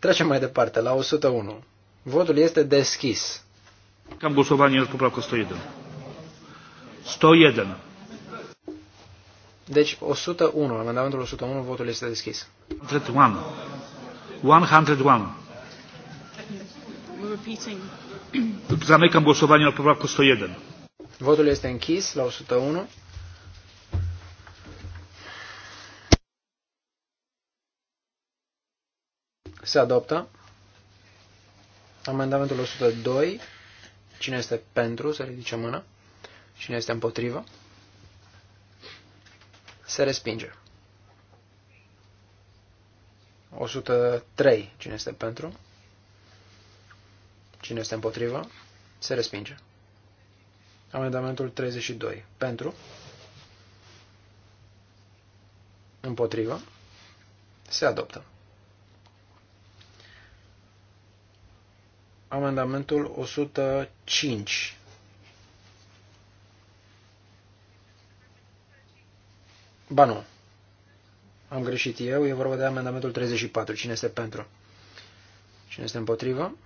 Trecem mai departe, la 101. Votul este deschis. Am głosowanie nad poprawką 101. 101. Deci 101, amendamentul 101, votul este deschis. 101. 101. Repeating. Zamykam głosowanie nad poprawką 101. Votul este închis la 101. Se adoptă. Amendamentul 102. Cine este pentru? Să ridice mână? Cine este împotrivă? Se respinge. 103. Cine este pentru? Cine este împotrivă? Se respinge. Amendamentul 32. Pentru? Împotrivă? Se adoptă. amendamentul 105. Ba nu. Am greșit eu, e vorba de amendamentul 34. Cine este pentru? Cine este împotrivă?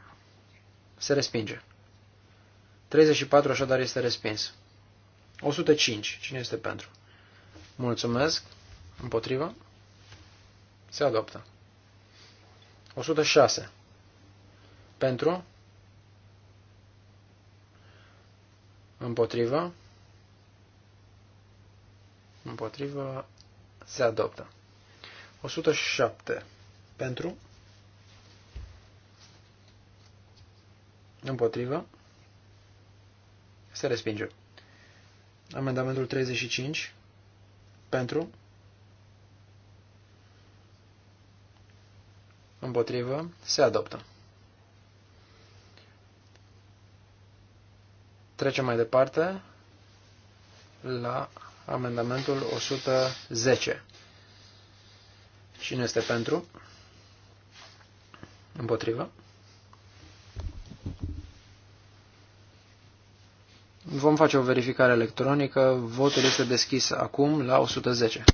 Se respinge. 34 așadar este respins. 105. Cine este pentru? Mulțumesc. Împotrivă? Se adoptă. 106. Pentru? Împotriva. Împotriva. Se adoptă. 107. Pentru. Împotriva. Se respinge. Amendamentul 35. Pentru. Împotrivă. Se adoptă. Trecem mai departe la amendamentul 110. Cine este pentru? Împotrivă? Vom face o verificare electronică. Votul este deschis acum la 110.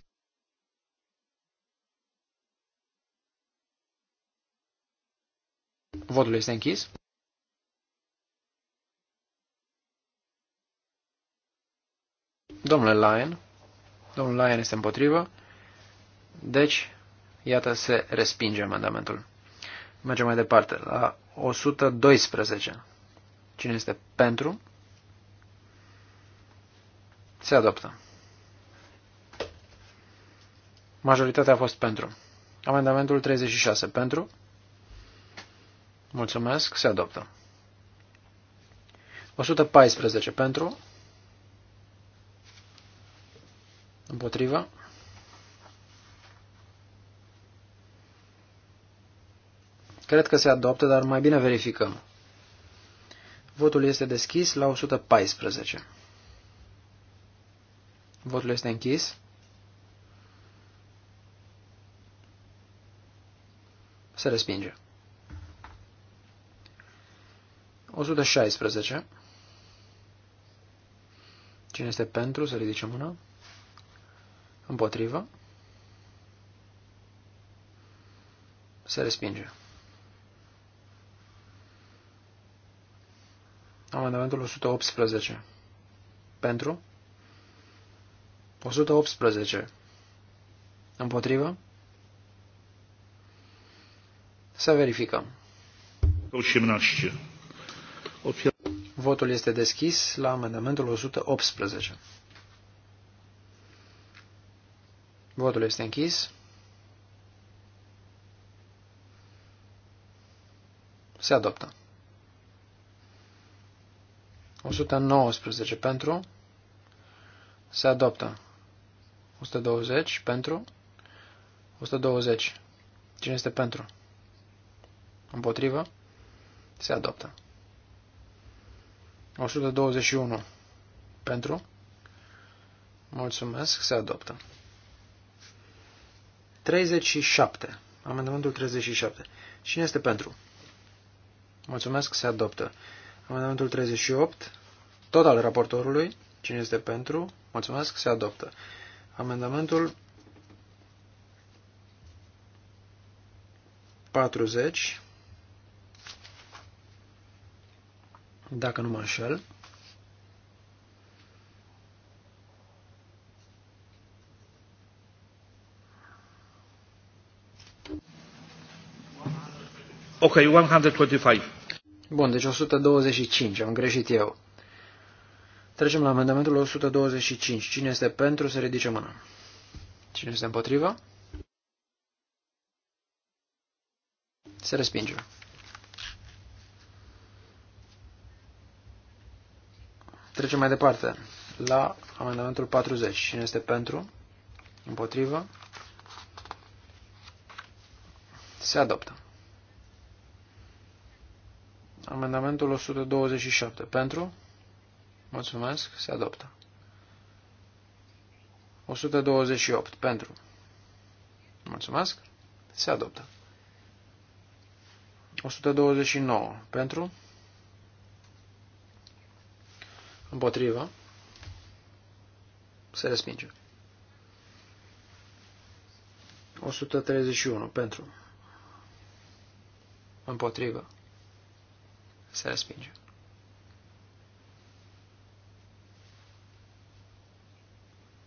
Votul este închis. Domnule Lyon. Domnul Lyon este împotrivă. Deci, iată, se respinge amendamentul. Mergem mai departe, la 112. Cine este pentru? Se adoptă. Majoritatea a fost pentru. Amendamentul 36 pentru. Mulțumesc, se adoptă. 114 pentru. Împotriva. Cred că se adoptă, dar mai bine verificăm. Votul este deschis la 114. Votul este închis. Se respinge. 116. Cine este pentru să ridice una. Împotrivă. Se respinge. Amendamentul 118. Pentru? 118. Împotrivă? Să verificăm. 18. Votul este deschis la amendamentul 118. Votul este închis. Se adoptă. 119 pentru. Se adoptă. 120 pentru. 120. Cine este pentru? Împotrivă? Se adoptă. 121. Pentru? Mulțumesc, se adoptă. 37. Amendamentul 37. Cine este pentru? Mulțumesc, se adoptă. Amendamentul 38, tot al raportorului. Cine este pentru? Mulțumesc, se adoptă. Amendamentul 40, dacă nu mă înșel, Ok, 125. Bun, deci 125, am greșit eu. Trecem la amendamentul 125. Cine este pentru să ridice mâna? Cine este împotrivă? Se respinge. Trecem mai departe la amendamentul 40. Cine este pentru? Împotrivă? Se adoptă. Amendamentul 127. Pentru? Mulțumesc. Se adoptă. 128. Pentru? Mulțumesc. Se adoptă. 129. Pentru? Împotrivă. Se respinge. 131. Pentru. Împotrivă. Se respinge.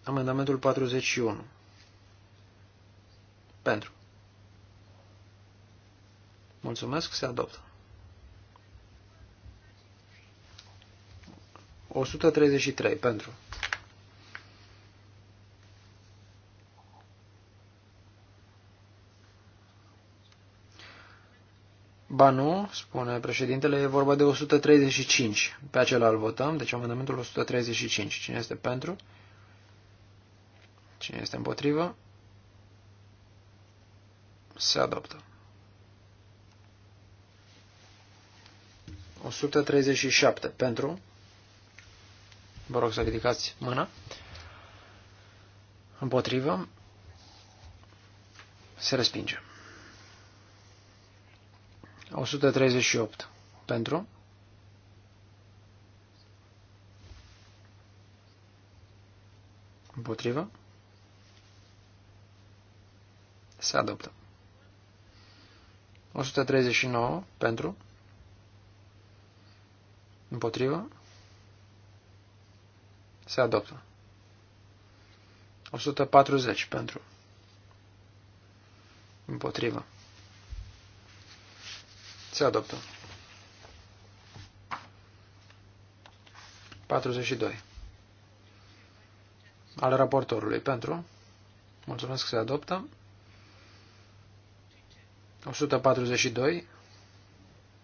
Amendamentul 41. Pentru. Mulțumesc, se adoptă. 133. Pentru. Ba nu, spune președintele, e vorba de 135. Pe acela îl votăm, deci amendamentul 135. Cine este pentru? Cine este împotrivă? Se adoptă. 137 pentru. Vă rog să ridicați mâna. Împotrivă. Se respinge. 138. Pentru? Împotrivă? Se adoptă. 139. Pentru? Împotrivă? Se adoptă. 140. Pentru? Împotrivă. Se adoptă. 42. Al raportorului pentru. Mulțumesc că se adoptă. 142.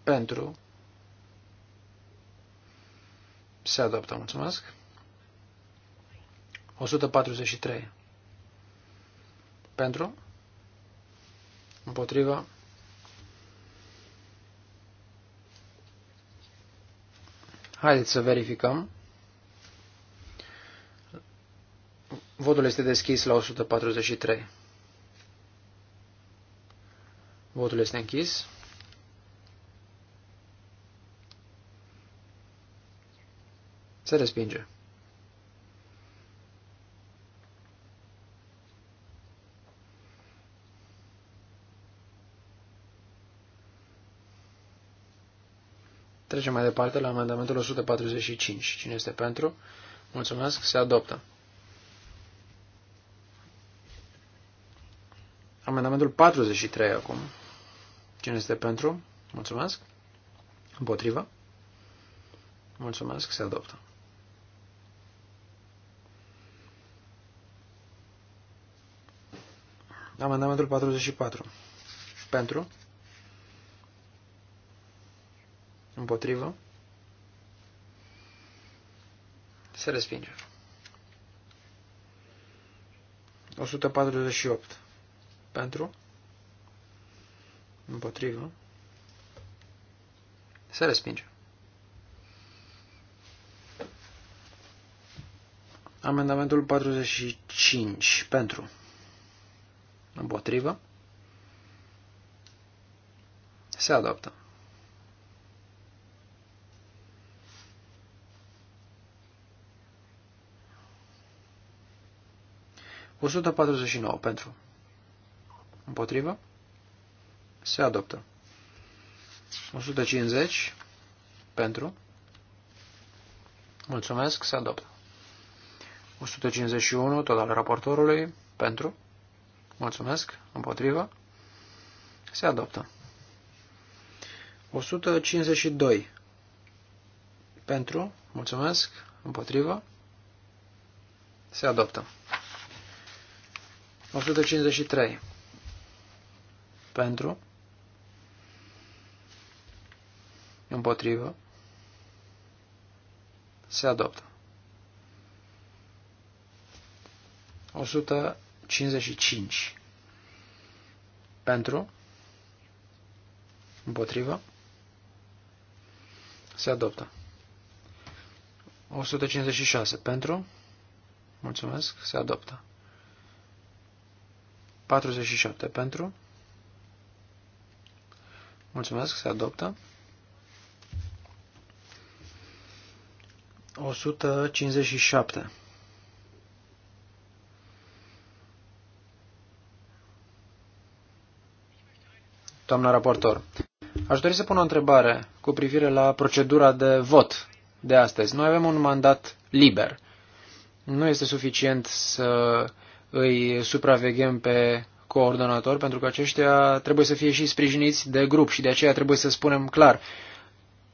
Pentru. Se adoptă. Mulțumesc. 143. Pentru. Împotriva. Haideți să verificăm. Votul este deschis la 143. Votul este închis. Se respinge. Trecem mai departe la amendamentul 145. Cine este pentru? Mulțumesc, se adoptă. Amendamentul 43 acum. Cine este pentru? Mulțumesc. Împotrivă? Mulțumesc, se adoptă. Amendamentul 44. Pentru? Împotrivă. Se respinge. 148. Pentru. Împotrivă. Se respinge. Amendamentul 45. Pentru. Împotrivă. Se adoptă. 149 pentru. Împotrivă. Se adoptă. 150 pentru. Mulțumesc. Se adoptă. 151 tot al raportorului pentru. Mulțumesc. Împotrivă. Se adoptă. 152 pentru. Mulțumesc. Împotrivă. Se adoptă. 153. Pentru. Împotrivă. Se adoptă. 155. Pentru. Împotrivă. Se adoptă. 156. Pentru. Mulțumesc. Se adoptă. 47 pentru. Mulțumesc, se adoptă. 157. Doamna raportor, aș dori să pun o întrebare cu privire la procedura de vot de astăzi. Noi avem un mandat liber. Nu este suficient să uh, îi supraveghem pe coordonator, pentru că aceștia trebuie să fie și sprijiniți de grup și de aceea trebuie să spunem clar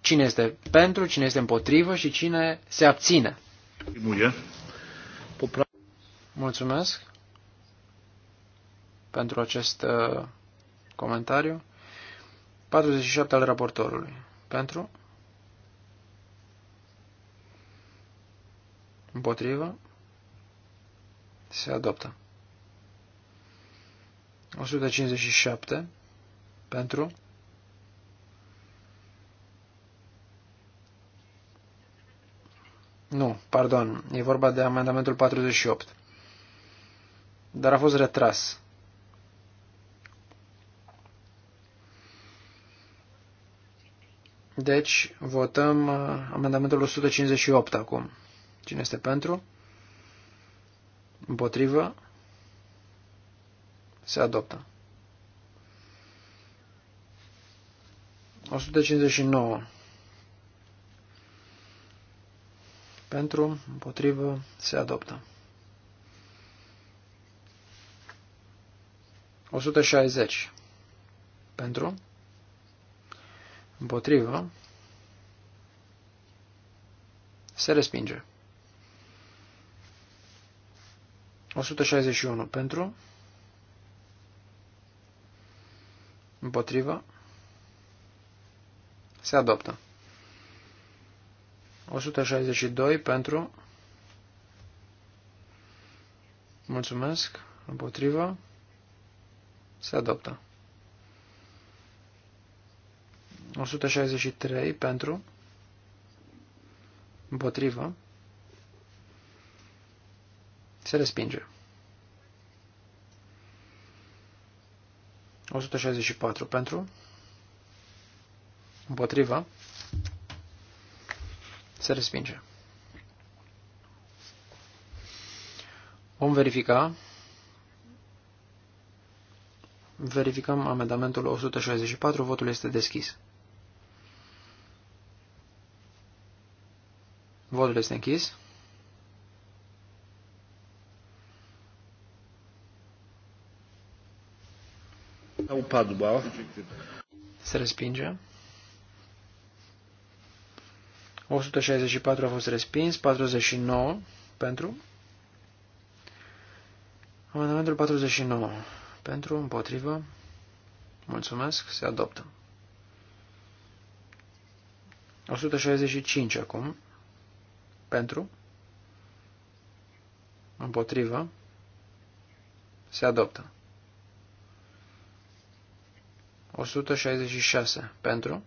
cine este pentru, cine este împotrivă și cine se abține. Mulțumesc pentru acest uh, comentariu. 47 al raportorului. Pentru? Împotrivă? Se adoptă. 157 pentru Nu, pardon, e vorba de amendamentul 48. Dar a fost retras. Deci, votăm uh, amendamentul 158 acum. Cine este pentru? Împotrivă. Se adoptă. 159. Pentru, împotrivă, se adoptă. 160. Pentru, împotrivă, se respinge. 161 pentru, împotriva, se adoptă. 162 pentru, mulțumesc, împotriva, se adoptă. 163 pentru, împotriva, se respinge. 164 pentru, împotriva, se respinge. Vom verifica. Verificăm amendamentul 164, votul este deschis. Votul este închis. upadła. Se respinge. 164 a fost respins, 49 pentru. Amendamentul 49 pentru, împotrivă. Mulțumesc, se adoptă. 165 acum. Pentru. Împotrivă. Se adoptă. 166 pentru.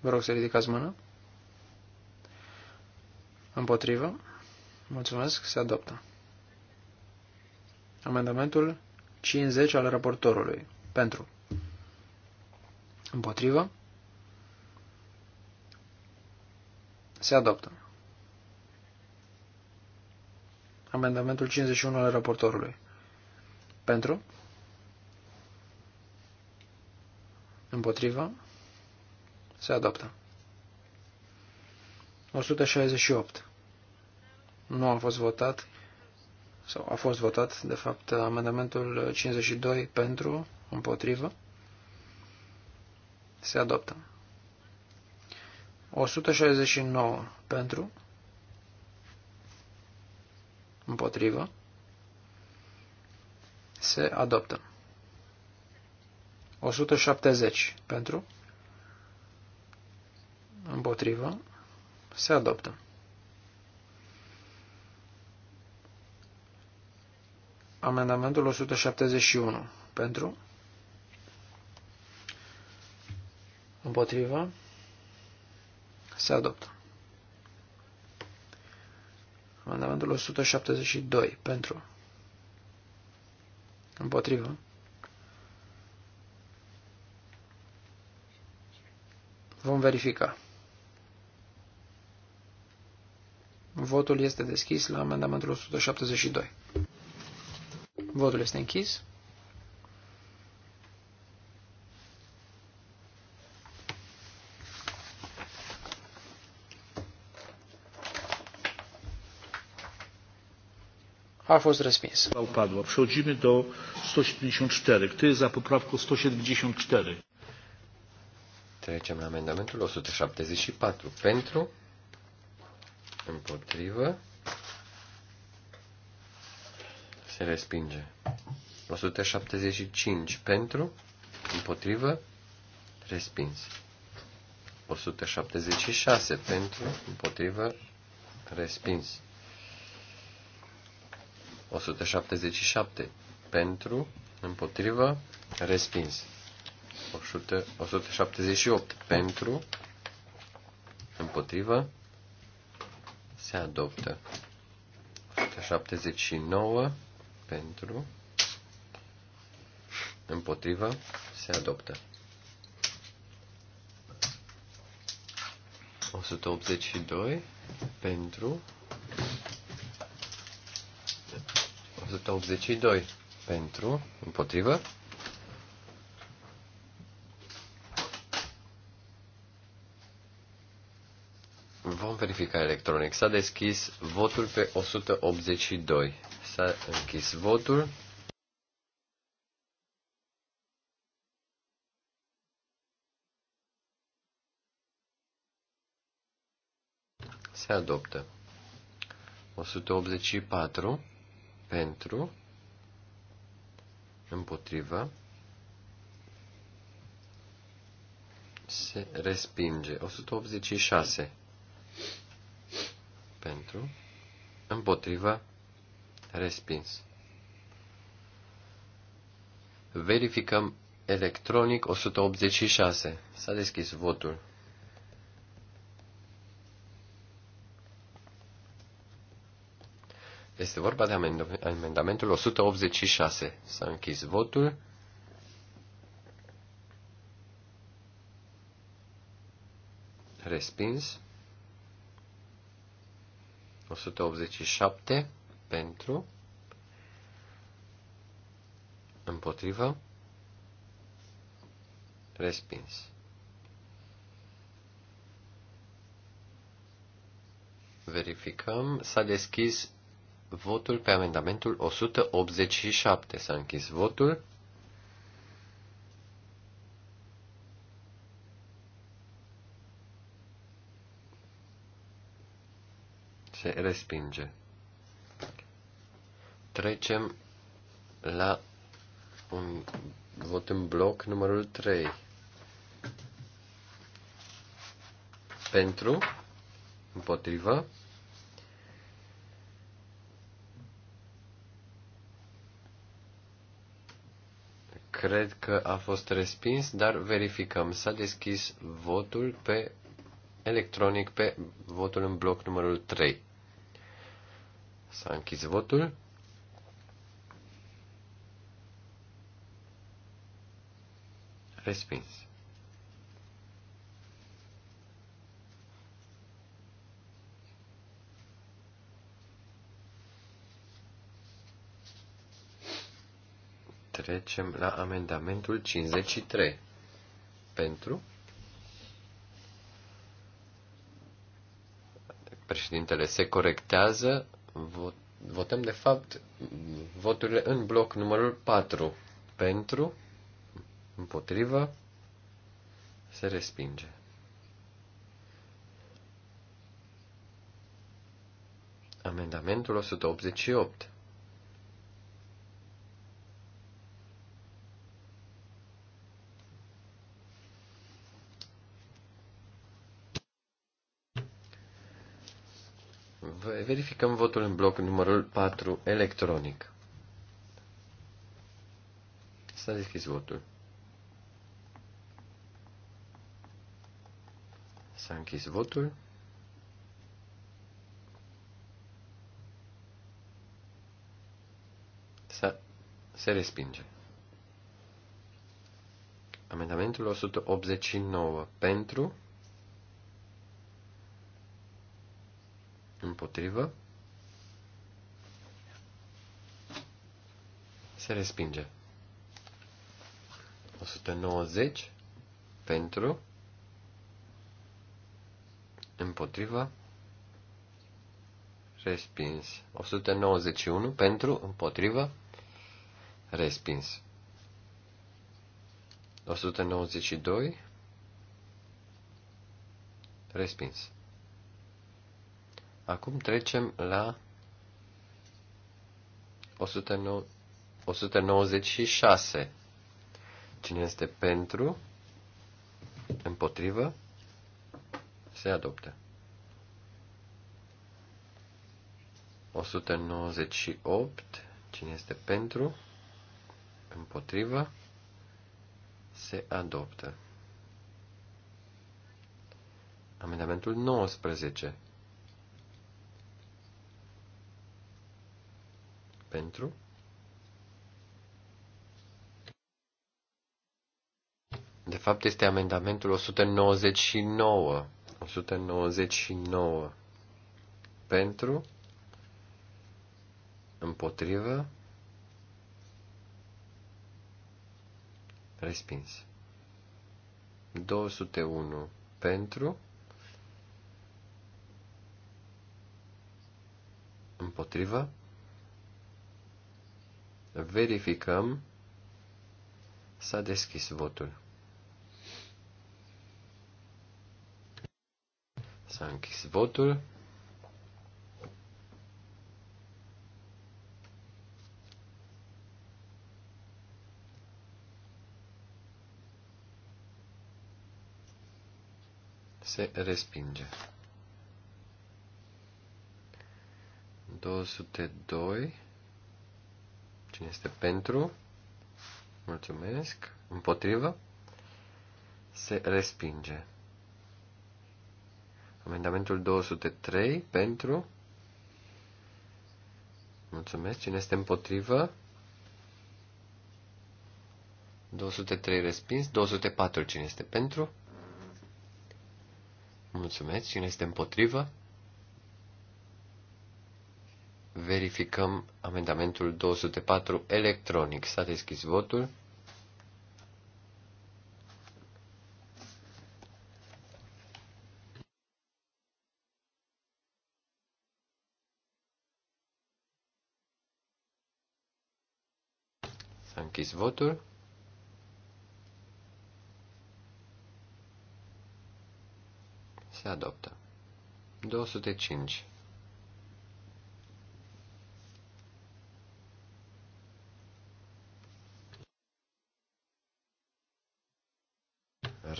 Vă rog să ridicați mână. Împotrivă. Mulțumesc. Se adoptă. Amendamentul 50 al raportorului. Pentru. Împotrivă. Se adoptă. Amendamentul 51 al raportorului. Pentru. Împotrivă. Se adoptă. 168. Nu a fost votat, sau a fost votat, de fapt, amendamentul 52 pentru, împotrivă. Se adoptă. 169 pentru, împotrivă, se adoptă. 170 pentru, împotrivă, se adoptă. Amendamentul 171 pentru, împotrivă, se adoptă. Amendamentul 172 pentru, împotrivă, Vom verifica. Votul este deschis la amendamentul 172. Votul este închis. a fost respins. Upadła. Przechodzimy do 174. Kto jest za poprawką 174? Trecem la amendamentul 174. Pentru, împotrivă, se respinge. 175 pentru, împotrivă, respins. 176 pentru, împotrivă, respins. 177 pentru, împotrivă, respins. 100, 178 pentru, împotrivă, se adoptă. 179 pentru, împotrivă, se adoptă. 182 pentru 182 pentru împotrivă verifica electronic. S-a deschis votul pe 182. S-a închis votul. Se adoptă. 184 pentru împotriva se respinge. 186 pentru, împotriva, respins. Verificăm electronic 186. S-a deschis votul. Este vorba de amendamentul 186. S-a închis votul. Respins. 187 pentru, împotrivă, respins. Verificăm. S-a deschis votul pe amendamentul 187. S-a închis votul. se respinge. Trecem la un vot în bloc numărul 3. Pentru, împotrivă, cred că a fost respins, dar verificăm. S-a deschis votul pe electronic pe votul în bloc numărul 3. S-a închis votul. Respins. Trecem la amendamentul 53. Pentru președintele se corectează votăm, de fapt, voturile în bloc numărul 4. Pentru, împotrivă, se respinge. Amendamentul 188. verificăm votul în bloc numărul 4 electronic. S-a deschis votul. S-a închis votul. S-a, se respinge. Amendamentul 189 pentru Împotrivă. Se respinge. 190 pentru. Împotrivă. Respins. 191 pentru. Împotrivă. Respins. 192 respins. Acum trecem la 196. Cine este pentru, împotrivă, se adoptă. 198. Cine este pentru, împotrivă, se adoptă. Amendamentul 19. pentru? De fapt, este amendamentul 199. 199. Pentru? Împotrivă? Respins. 201 pentru, împotrivă, Verificăm. S-a deschis votul. S-a închis votul. Se respinge. 202 Cine este pentru? Mulțumesc. Împotrivă? Se respinge. Amendamentul 203 pentru. Mulțumesc. Cine este împotrivă? 203 respins. 204 cine este pentru? Mulțumesc. Cine este împotrivă? verificăm amendamentul 204 electronic. S-a deschis votul. S-a închis votul. Se adoptă. 205.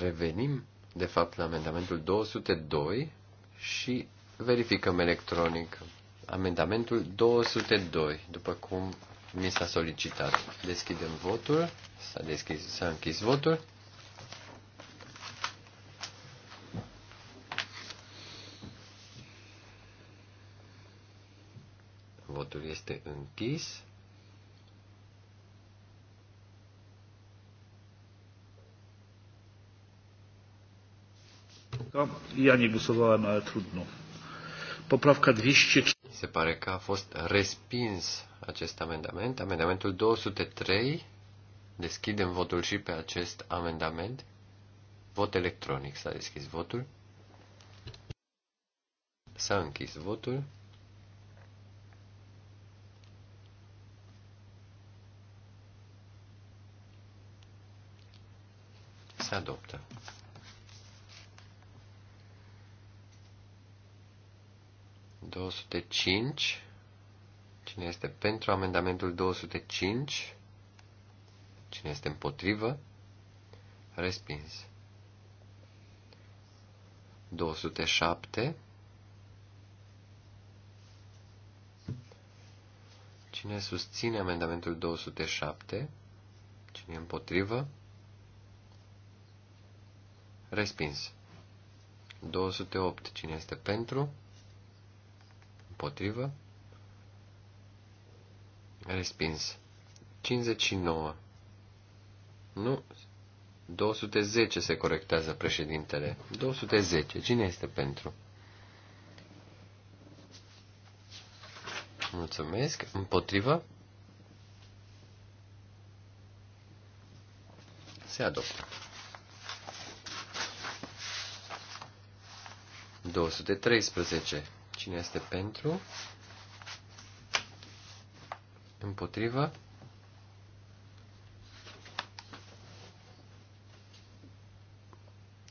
revenim, de fapt, la amendamentul 202 și verificăm electronic amendamentul 202, după cum mi s-a solicitat. Deschidem votul. S-a, deschis, s-a închis votul. Votul este închis. Ja nie głosowałem, ale trudno. Poprawka Se pare că a fost respins acest amendament. Amendamentul 203. Deschidem votul și pe acest amendament. Vot electronic. S-a deschis votul. S-a închis votul. Se adoptă. 205. Cine este pentru amendamentul 205? Cine este împotrivă? Respins. 207. Cine susține amendamentul 207? Cine e împotrivă? Respins. 208. Cine este pentru? Împotrivă. Respins. 59. Nu. 210 se corectează președintele. 210. Cine este pentru? Mulțumesc. Împotrivă. Se adoptă. 213. Cine este pentru? Împotrivă?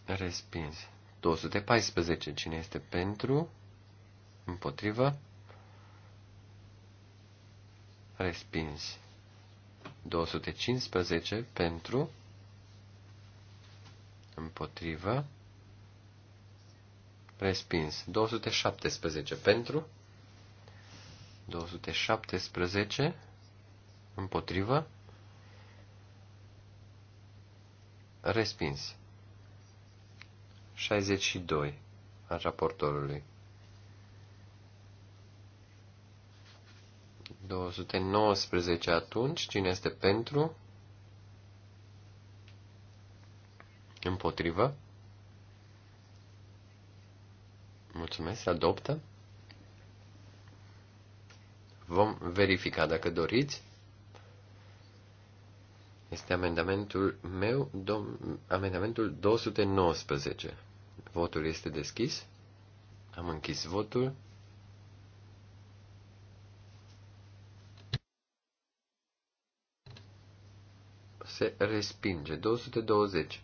Respins. 214. Cine este pentru? Împotrivă? Respins. 215 pentru, împotrivă, Respins. 217 pentru. 217 împotrivă. Respins. 62 a raportorului. 219 atunci, cine este pentru? Împotrivă? Mulțumesc. Se adoptă. Vom verifica dacă doriți. Este amendamentul meu, dom, amendamentul 219. Votul este deschis. Am închis votul. Se respinge. 220.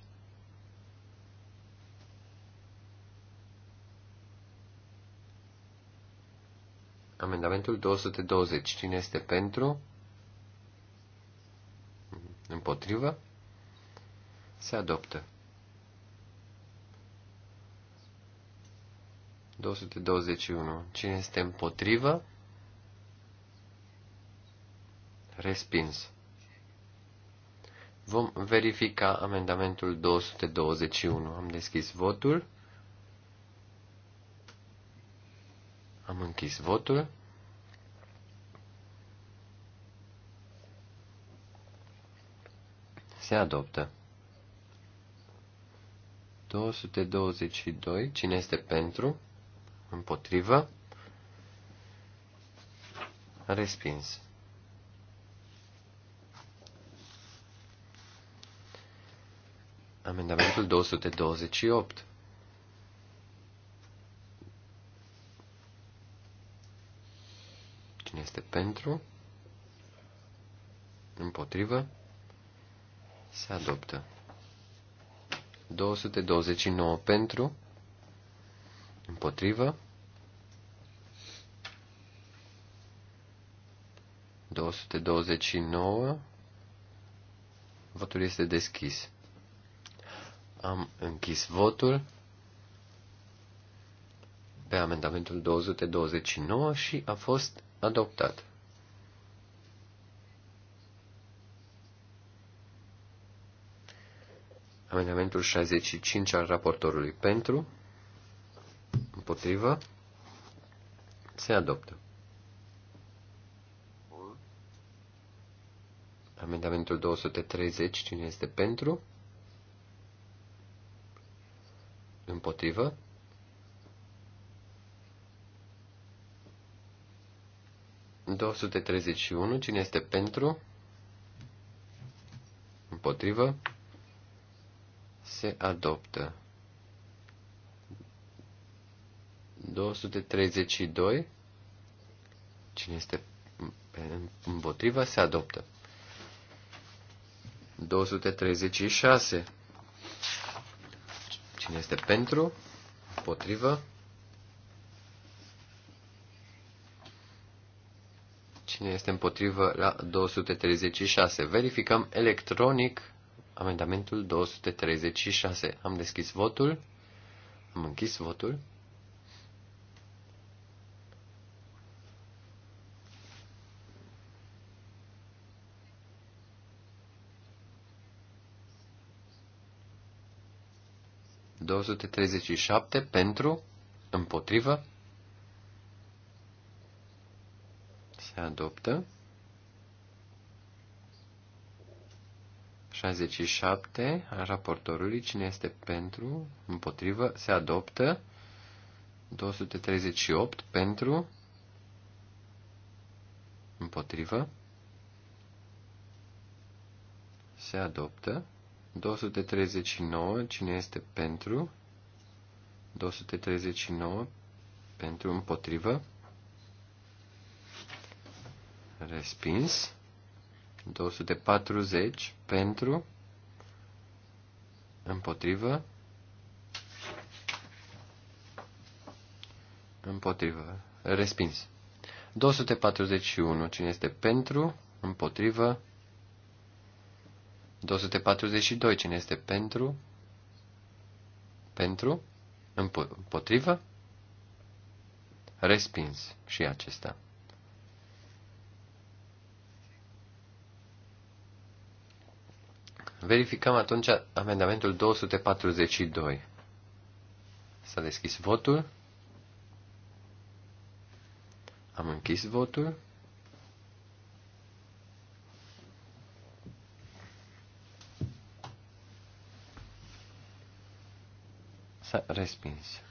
Amendamentul 220. Cine este pentru? Împotrivă? Se adoptă. 221. Cine este împotrivă? Respins. Vom verifica amendamentul 221. Am deschis votul. Am închis votul. Se adoptă. 222. Cine este pentru? Împotrivă? Respins. Amendamentul 228. este pentru? Împotrivă? Se adoptă. 229 pentru? Împotrivă? 229. Votul este deschis. Am închis votul pe amendamentul 229 și a fost adoptat. Amendamentul 65 al raportorului pentru, împotrivă, se adoptă. Amendamentul 230, cine este pentru? Împotrivă? 231. Cine este pentru? Împotrivă? Se adoptă. 232. Cine este împotrivă? Se adoptă. 236. Cine este pentru? Împotrivă? Cine este împotrivă la 236? Verificăm electronic amendamentul 236. Am deschis votul. Am închis votul. ...237 pentru, împotrivă, se adoptă. 67 a raportorului, cine este pentru, împotrivă, se adoptă. 238 pentru, împotrivă, se adoptă. 239, cine este pentru, 239 pentru, împotrivă, Respins. 240 pentru. Împotrivă. Împotrivă. Respins. 241. Cine este pentru? Împotrivă. 242. Cine este pentru? Pentru? Împotrivă? Respins și acesta. Verificăm atunci amendamentul 242. S-a deschis votul. Am închis votul. S-a respins.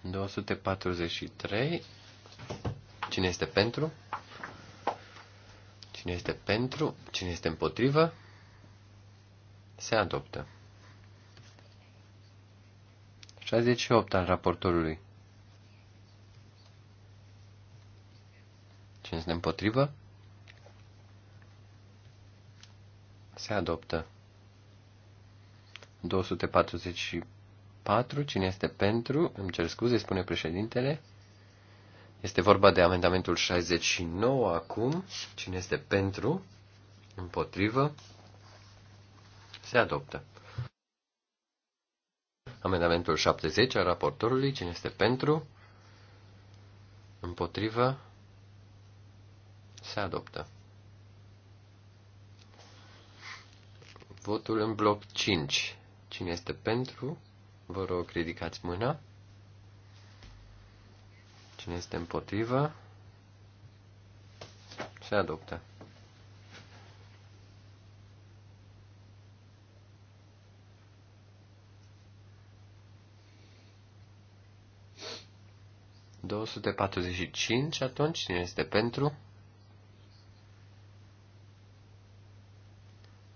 243. Cine este pentru? Cine este pentru, cine este împotrivă, se adoptă. 68 al raportorului. Cine este împotrivă, se adoptă. 244. Cine este pentru? Îmi cer scuze, spune președintele. Este vorba de amendamentul 69 acum. Cine este pentru? Împotrivă? Se adoptă. Amendamentul 70 al raportorului. Cine este pentru? Împotrivă? Se adoptă. Votul în bloc 5. Cine este pentru? Vă rog, ridicați mâna. Cine este împotrivă? Se adoptă. cinci atunci cine este pentru?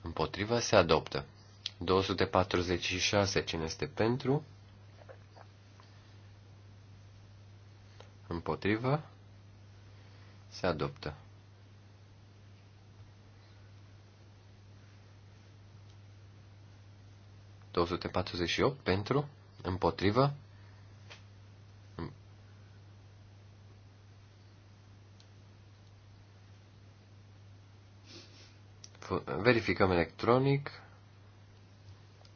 Împotrivă se adoptă. 246 cine este pentru? Împotrivă. Se adoptă. 248 pentru. Împotrivă. Verificăm electronic.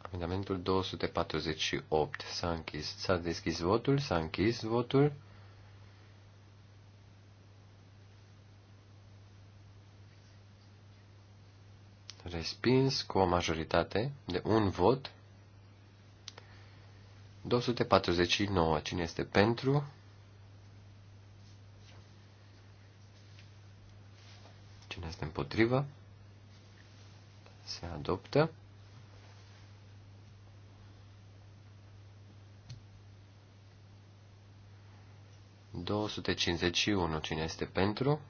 Amendamentul 248 s-a închis. S-a deschis votul, s-a închis votul. respins cu o majoritate de un vot. 249. Cine este pentru? Cine este împotrivă? Se adoptă. Două sute cincizeci și unu. Cine este pentru?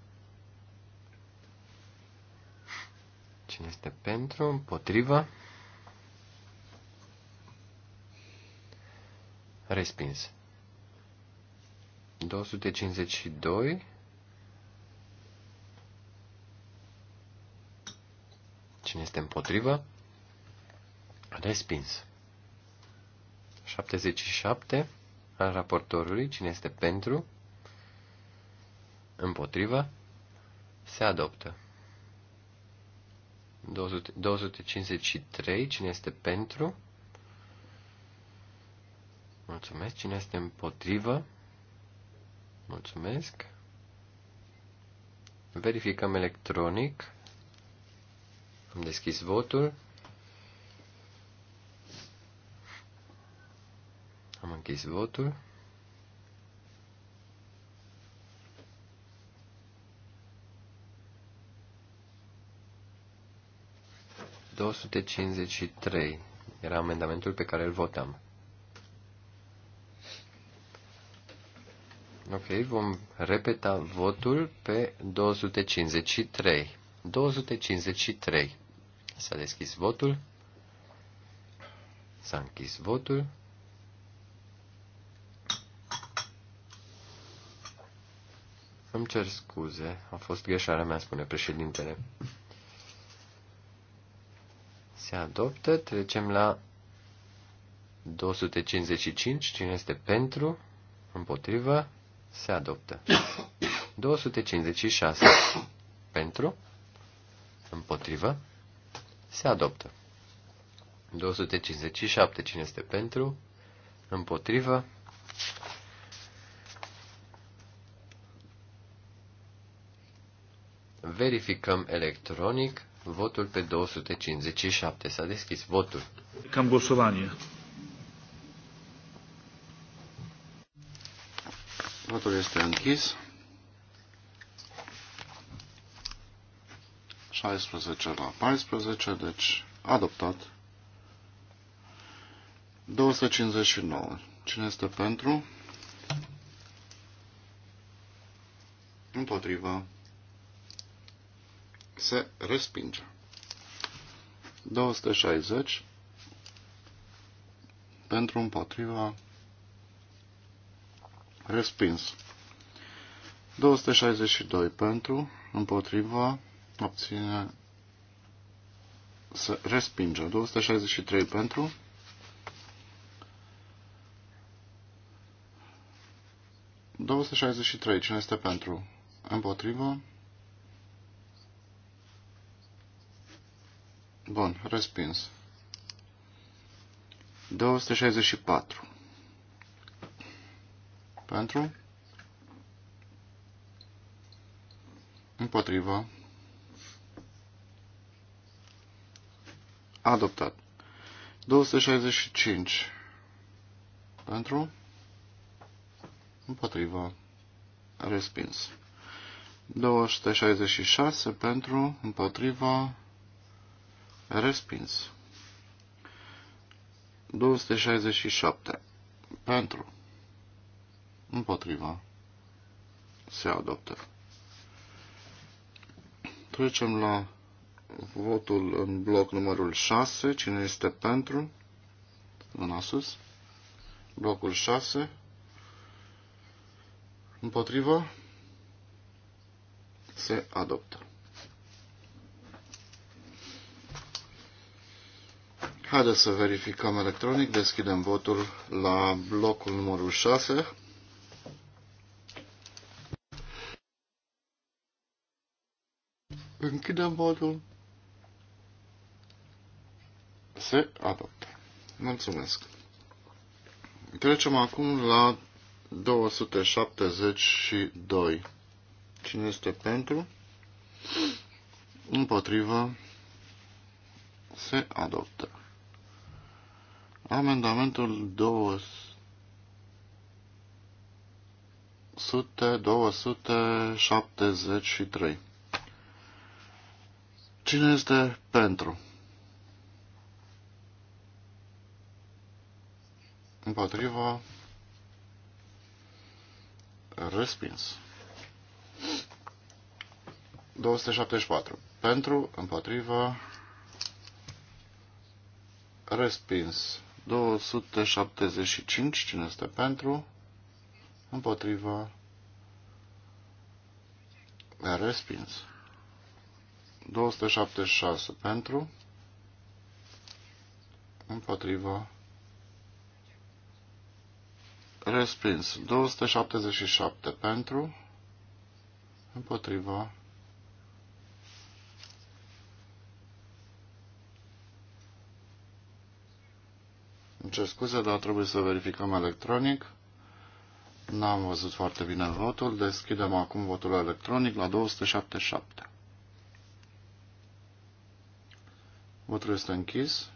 Cine este pentru? Împotriva? Respins. 252. Cine este împotrivă? Respins. 77 al raportorului. Cine este pentru? Împotrivă? Se adoptă. 253. Cine este pentru? Mulțumesc. Cine este împotrivă? Mulțumesc. Verificăm electronic. Am deschis votul. Am închis votul. 253. Era amendamentul pe care îl votam. Ok, vom repeta votul pe 253. 253. S-a deschis votul. S-a închis votul. Îmi cer scuze, a fost greșeala mea, spune președintele se adoptă. Trecem la 255. Cine este pentru? Împotrivă? Se adoptă. 256. Pentru? Împotrivă? Se adoptă. 257. Cine este pentru? Împotrivă? Verificăm electronic Votul pe 257. S-a deschis votul. Cam głosowanie. Votul este închis. 16 la 14, deci adoptat. 259. Cine este pentru? Împotriva se respinge. 260 pentru împotriva respins. 262 pentru împotriva obține se respinge. 263 pentru trei Cine este pentru? Împotrivă? Bun, respins. 264. Pentru? Împotrivă. Adoptat. 265. Pentru? Împotrivă. Respins. 266 pentru, împotriva, Respins. 267. Pentru. Împotriva. Se adoptă. Trecem la votul în bloc numărul 6. Cine este pentru? În sus. Blocul 6. Împotriva. Se adoptă. Haideți să verificăm electronic. Deschidem votul la blocul numărul 6. Închidem votul. Se adoptă. Mulțumesc. Trecem acum la 272. Cine este pentru? Împotrivă. Se adoptă. Amendamentul 200, 273. Cine este pentru? Împotriva. Respins. 274. Pentru, împotriva, respins. 275, cine este pentru, împotriva, respins. 276 pentru, împotriva, respins. 277 pentru, împotriva, Îmi cer scuze, dar trebuie să verificăm electronic. N-am văzut foarte bine votul. Deschidem acum votul electronic la 277. Votul este închis.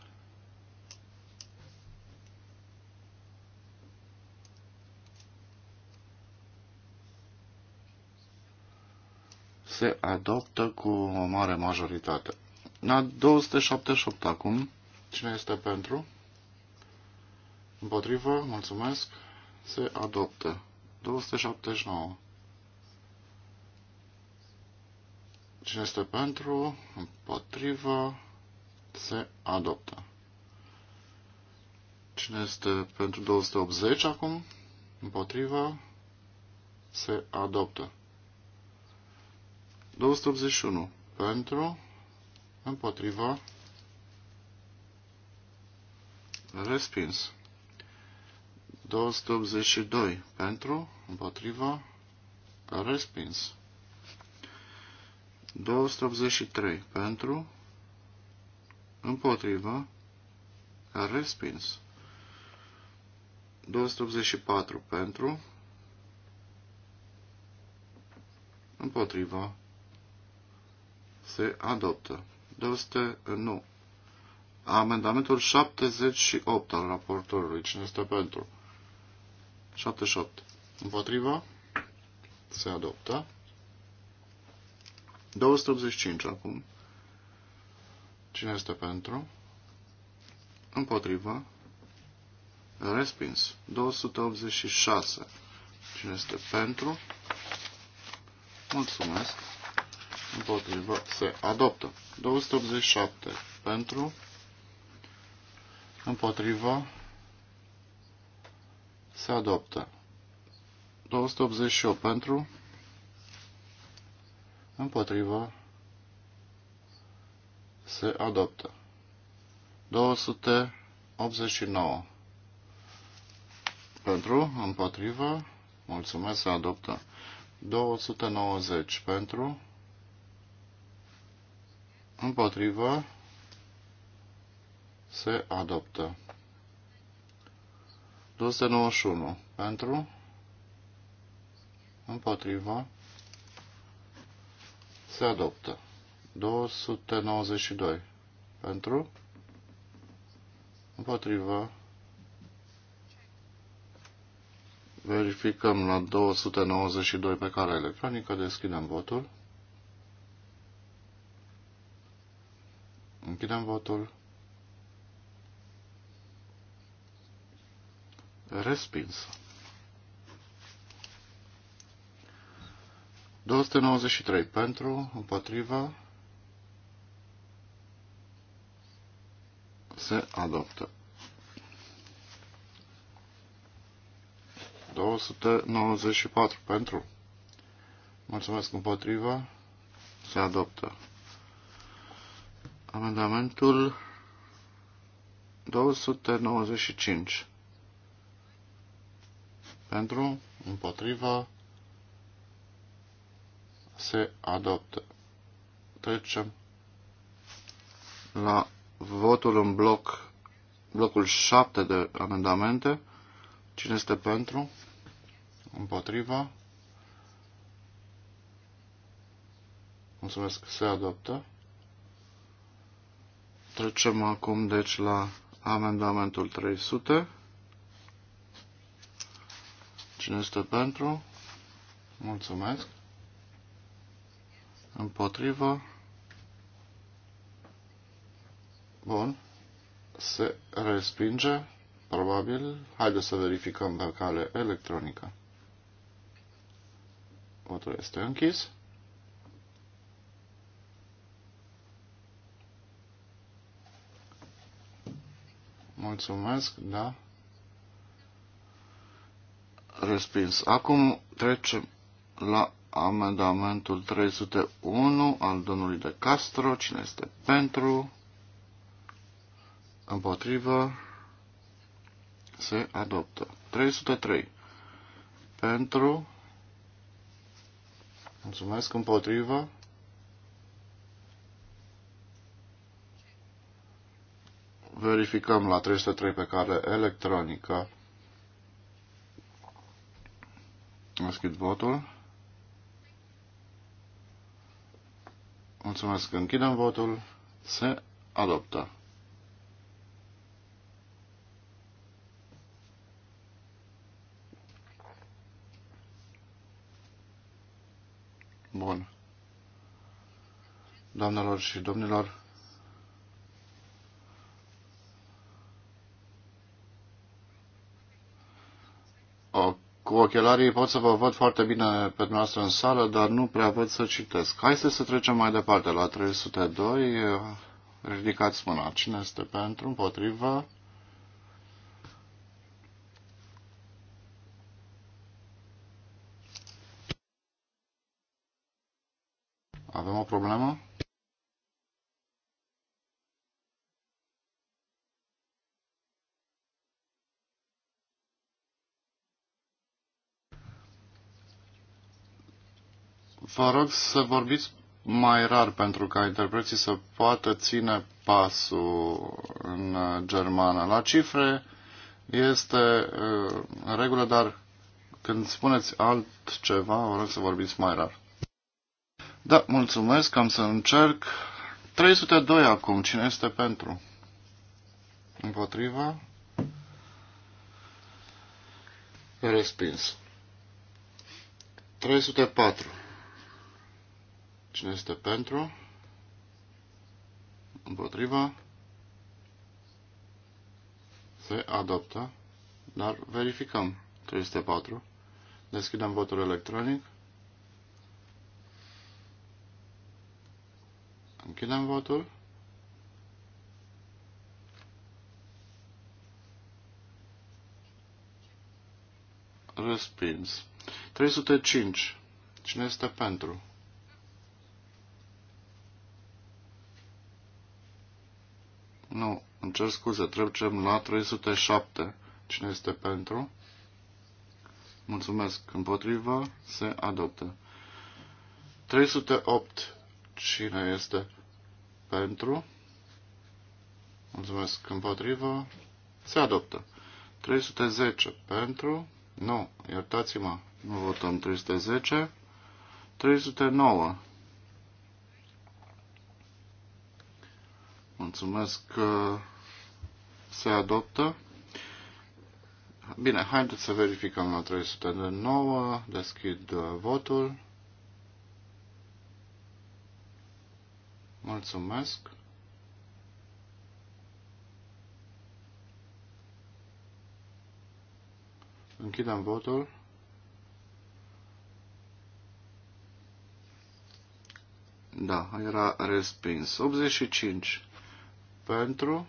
Se adoptă cu o mare majoritate. La 278 acum. Cine este pentru? Împotrivă, mulțumesc, se adoptă. 279. Cine este pentru, împotrivă, se adoptă. Cine este pentru 280 acum, împotrivă, se adoptă. 281. Pentru, împotrivă, respins. 282 pentru, împotriva, respins. 283 pentru, împotriva, respins. 284 pentru, împotriva, se adoptă. 200, nu. Amendamentul 78 al raportorului. Cine este pentru? 78. Împotriva. Se adoptă. 285 acum. Cine este pentru? Împotriva. Respins. 286. Cine este pentru? Mulțumesc. Împotrivă. Se adoptă. 287. Pentru. Împotrivă. Se adoptă. 288 pentru, împotriva, se adoptă. 289 pentru, împotriva, mulțumesc, se adoptă. 290 pentru, împotriva, se adoptă. 291 pentru, împotriva, se adoptă. 292 pentru, împotriva, verificăm la 292 pe cale electronică, deschidem votul, închidem votul, respinsă. 293 pentru, împotriva, se adoptă. 294 pentru, mulțumesc împotriva, se adoptă. Amendamentul 295 pentru, împotrivă, se adoptă. Trecem la votul în bloc, blocul 7 de amendamente. Cine este pentru? Împotriva? Mulțumesc, se adoptă. Trecem acum, deci, la amendamentul 300. Cine este pentru? Mulțumesc. Împotrivă. Bun. Se respinge. Probabil. Haideți să verificăm pe cale electronică. Votul este închis. Mulțumesc, da respins. Acum trecem la amendamentul 301 al domnului de Castro. Cine este pentru? Împotrivă? Se adoptă. 303. Pentru? Mulțumesc. Împotrivă? Verificăm la 303 pe care electronică. Deschid votul. Mulțumesc. Închidem votul. Se adoptă. Bun. Doamnelor și domnilor, cu ochelarii pot să vă văd foarte bine pe dumneavoastră în sală, dar nu prea văd să citesc. Haideți să trecem mai departe la 302. Ridicați mâna. Cine este pentru? Împotrivă? Avem o problemă? Vă rog să vorbiți mai rar pentru ca interpreții să poată ține pasul în germană. La cifre este uh, în regulă, dar când spuneți altceva, vă rog să vorbiți mai rar. Da, mulțumesc, am să încerc. 302 acum, cine este pentru? Împotriva? Respins. 304. Cine este pentru? Împotriva? Se adoptă. Dar verificăm. 304. Deschidem votul electronic. Închidem votul. Respins. 305. Cine este pentru? Nu, îmi cer scuze, trecem la 307. Cine este pentru? Mulțumesc. Împotriva se adoptă. 308. Cine este pentru? Mulțumesc. Împotriva se adoptă. 310 pentru. Nu, iertați-mă, nu votăm 310. 309 Mulțumesc că se adoptă. Bine, haideți să verificăm la 309. Deschid uh, votul. Mulțumesc. Închidem votul. Da, era respins. 85 pentru,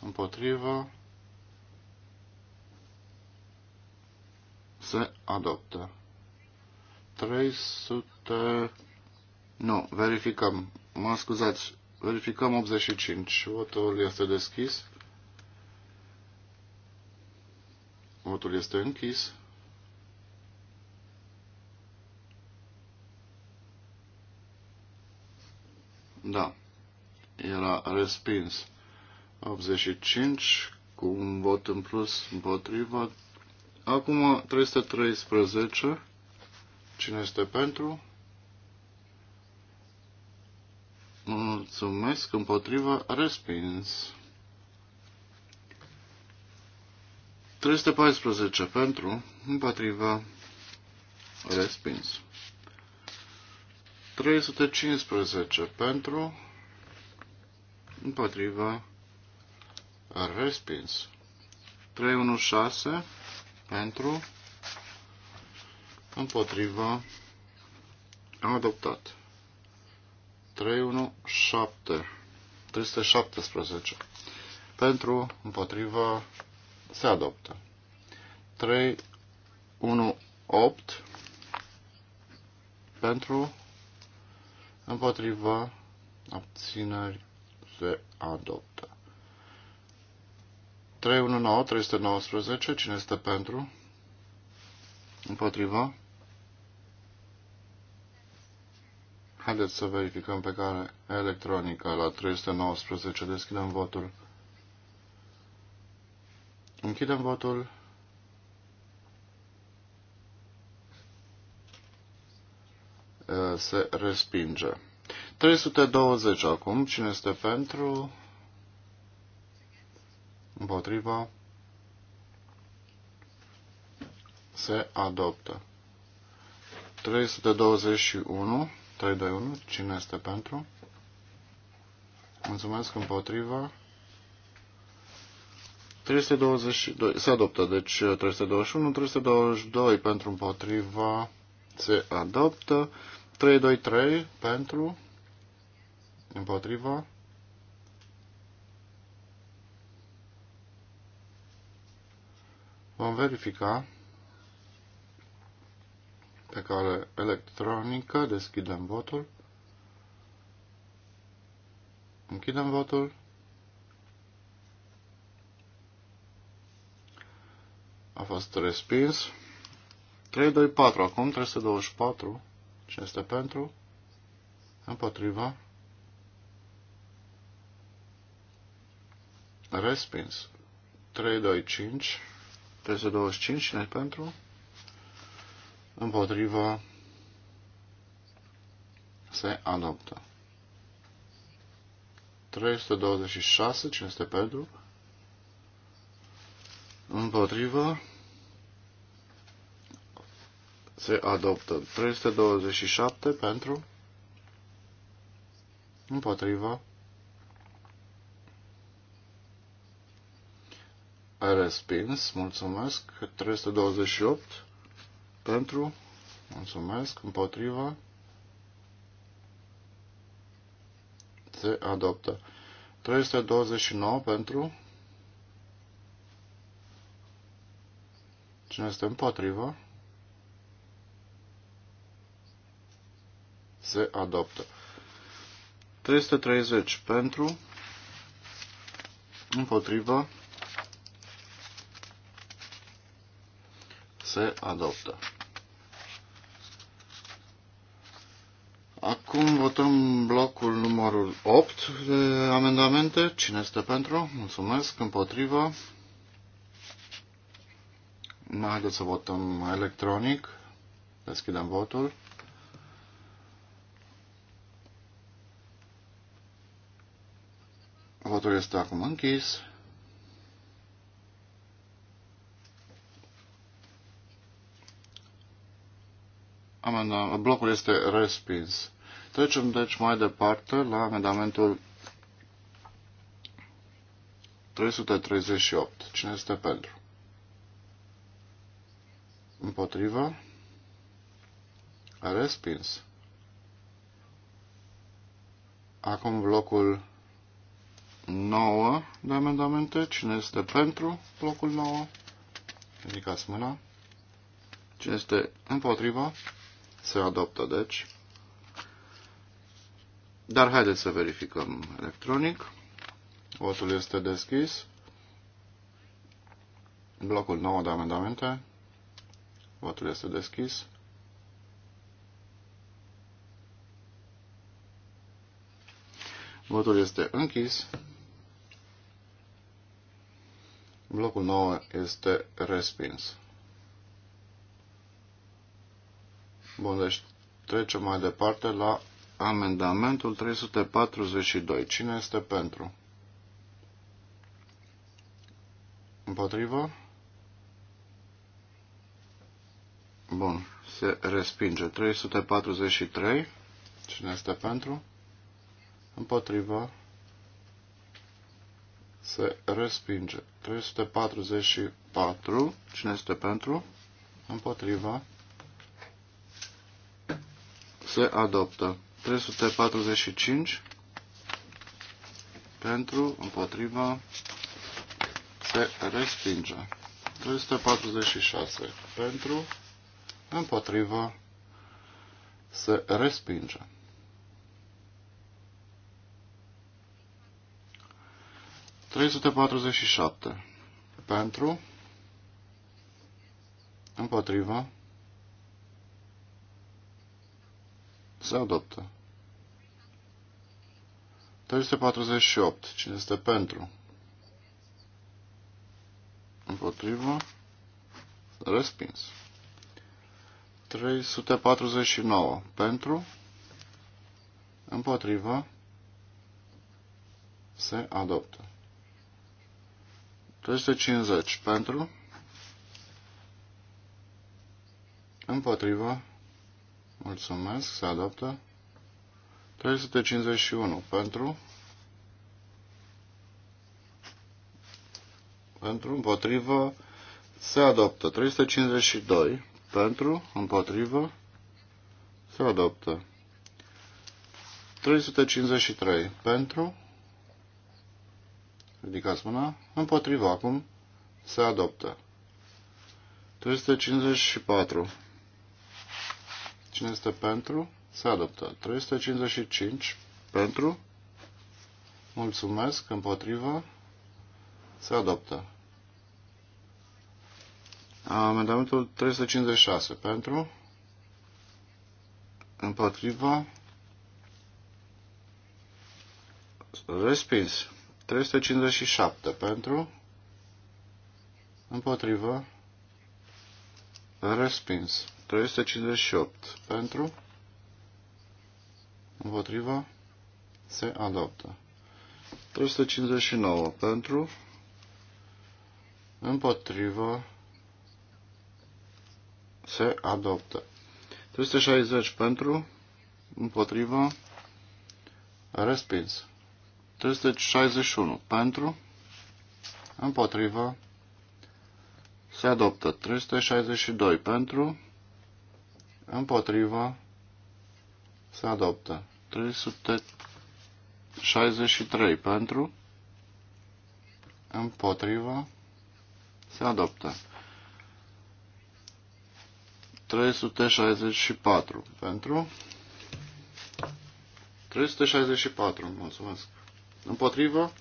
împotrivă, se adoptă. 300... Nu, verificăm. Mă scuzați, verificăm 85. Votul este deschis. Votul este închis. Da era respins. 85 cu un vot în plus împotriva. Acum 313. Cine este pentru? Mulțumesc împotriva respins. 314 pentru împotriva respins. 315 pentru împotriva respins. 316 pentru împotriva adoptat. 317 317 pentru împotriva se adoptă. 318 pentru împotriva abțineri se adoptă. 319, 319, cine este pentru? Împotriva? Haideți să verificăm pe care electronică la 319. Deschidem votul. Închidem votul. Se respinge. 320 acum. Cine este pentru? Împotriva. Se adoptă. 321. 321. Cine este pentru? Mulțumesc împotriva. 322. Se adoptă. Deci 321. 322 pentru împotriva. Se adoptă. 323 pentru Împotrivă. Vom verifica pe cale electronică. Deschidem votul. Închidem votul. A fost respins. 3, 2, 4, Acum 324. Cine este pentru? Împotriva. Respins. 3, 2, 325. 325. Cine pentru? Împotrivă. Se adoptă. 326. Cine este pentru? Împotrivă. Se adoptă. 327 pentru. Împotrivă Respins. Mulțumesc. 328 pentru. Mulțumesc. Împotriva. Se adoptă. 329 pentru. Cine este împotriva, Se adoptă. 330 pentru. împotriva, se adoptă. Acum votăm blocul numărul 8 de amendamente. Cine este pentru? Mulțumesc. Împotriva. Haideți să votăm electronic. Deschidem votul. Votul este acum închis. Amenda, blocul este respins. Trecem deci mai departe la amendamentul 338. Cine este pentru? Împotrivă? Respins. Acum blocul 9 de amendamente. Cine este pentru blocul 9? Ridicați mâna. Cine este împotriva? Se adoptă, deci. Dar haideți să verificăm electronic. Votul este deschis. Blocul 9 de amendamente. Votul este deschis. Votul este închis. Blocul 9 este respins. Bun, deci trecem mai departe la amendamentul 342. Cine este pentru? Împotrivă? Bun, se respinge. 343. Cine este pentru? Împotrivă? Se respinge. 344. Cine este pentru? Împotriva? se adoptă. 345 pentru, împotriva, se respinge. 346 pentru, împotriva, se respinge. șapte. pentru, împotriva, se adoptă. 348. Cine este pentru? Împotrivă. Respins. 349. Pentru. Împotrivă. Se adoptă. 350. Pentru. Împotrivă. Mulțumesc. Se adoptă. 351 pentru. Pentru, împotrivă, se adoptă. 352 pentru, împotrivă, se adoptă. 353 pentru, ridicați mâna, împotrivă acum, se adoptă. 354 Cine este pentru? Se adoptă. 355 pentru. Mulțumesc. Împotrivă. Se adoptă. Amendamentul 356 pentru. Împotrivă. Respins. 357 pentru. Împotrivă. Respins. 358 pentru, împotriva, se adoptă. 359 pentru, împotriva, se adoptă. 360 pentru, împotriva, respins. 361 pentru, împotriva, se adoptă. 362 pentru, Împotrivă. Se adoptă. 363 pentru. Împotrivă. Se adoptă. 364 pentru. 364, mulțumesc. Împotrivă.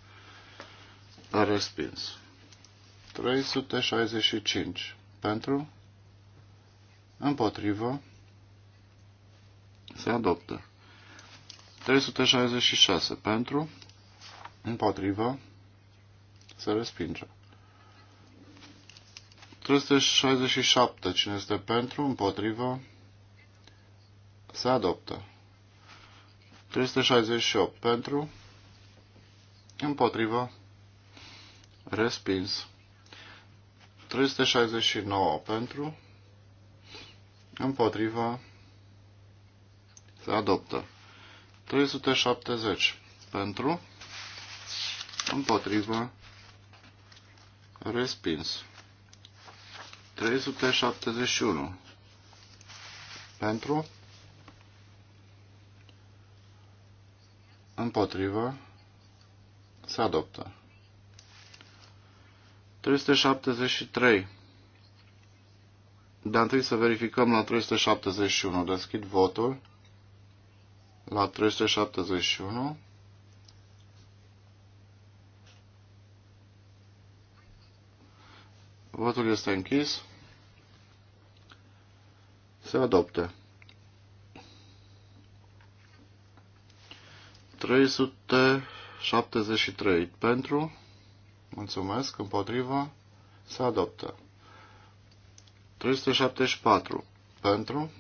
A respins. 365 pentru. Împotrivă se adoptă. 366 pentru, împotrivă, se respinge. 367. Cine este pentru, împotrivă, se adoptă. 368. Pentru, împotrivă, respins. 369. Pentru, împotrivă, se adoptă. 370 pentru, împotrivă, respins. 371 pentru, împotrivă, se adoptă. 373. Dar întâi să verificăm la 371. Deschid votul la 371. Votul este închis. Se adoptă. 373 pentru. Mulțumesc. Împotriva. Se adoptă. 374 pentru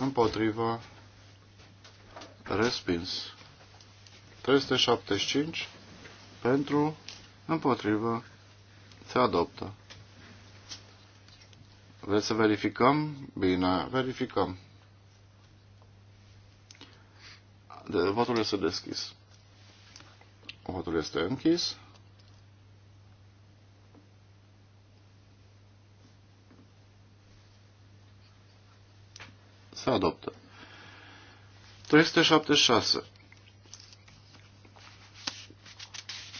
împotriva respins. 375 pentru, împotrivă, se adoptă. Vreți să verificăm? Bine, verificăm. De, votul este deschis. Votul este închis. Se adoptă. 376.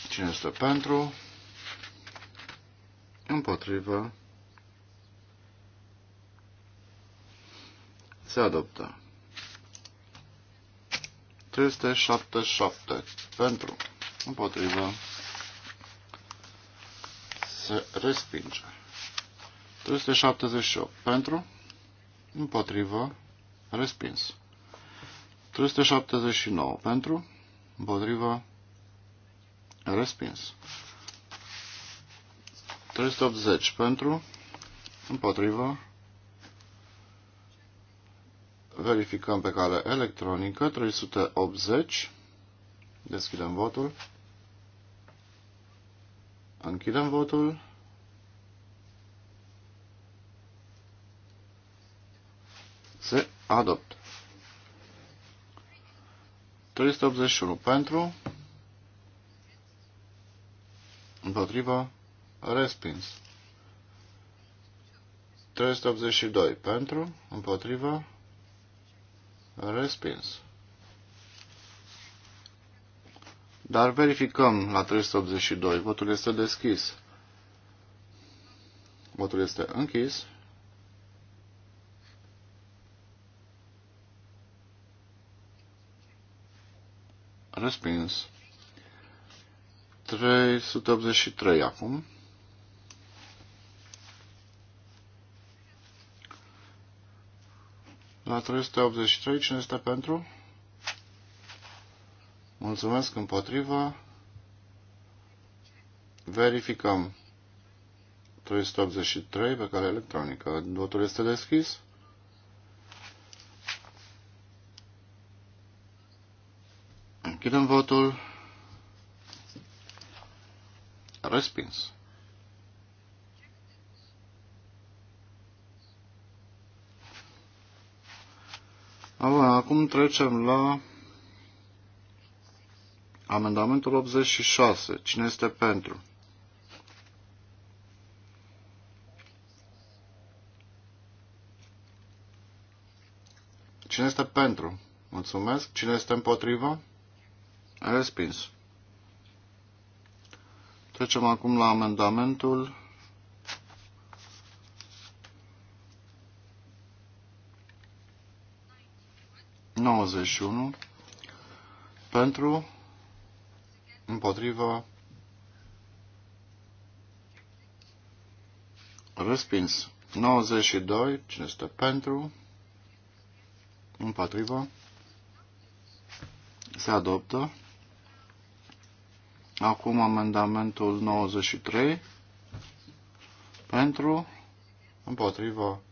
Cine este pentru? Împotrivă. Se adoptă. 377. Pentru. Împotrivă. Se respinge. 378. Pentru. Împotrivă. Respins. 379 pentru, împotrivă, respins. 380 pentru, împotrivă, verificăm pe cale electronică, 380, deschidem votul, închidem votul, Adopt. 381 pentru, împotrivă, respins. 382 pentru, împotrivă, respins. Dar verificăm la 382. Votul este deschis. Votul este închis. Respins. 383 acum. La 383, cine este pentru? Mulțumesc împotriva. Verificăm 383 pe care electronică. Votul este deschis. Închidem votul. Respins. Acum trecem la amendamentul 86. Cine este pentru? Cine este pentru? Mulțumesc. Cine este împotrivă? Respins. Trecem acum la amendamentul nouăzeci pentru împotriva respins 92. Cine este pentru? Împotriva. Se adoptă. Acum amendamentul 93 pentru, împotrivă,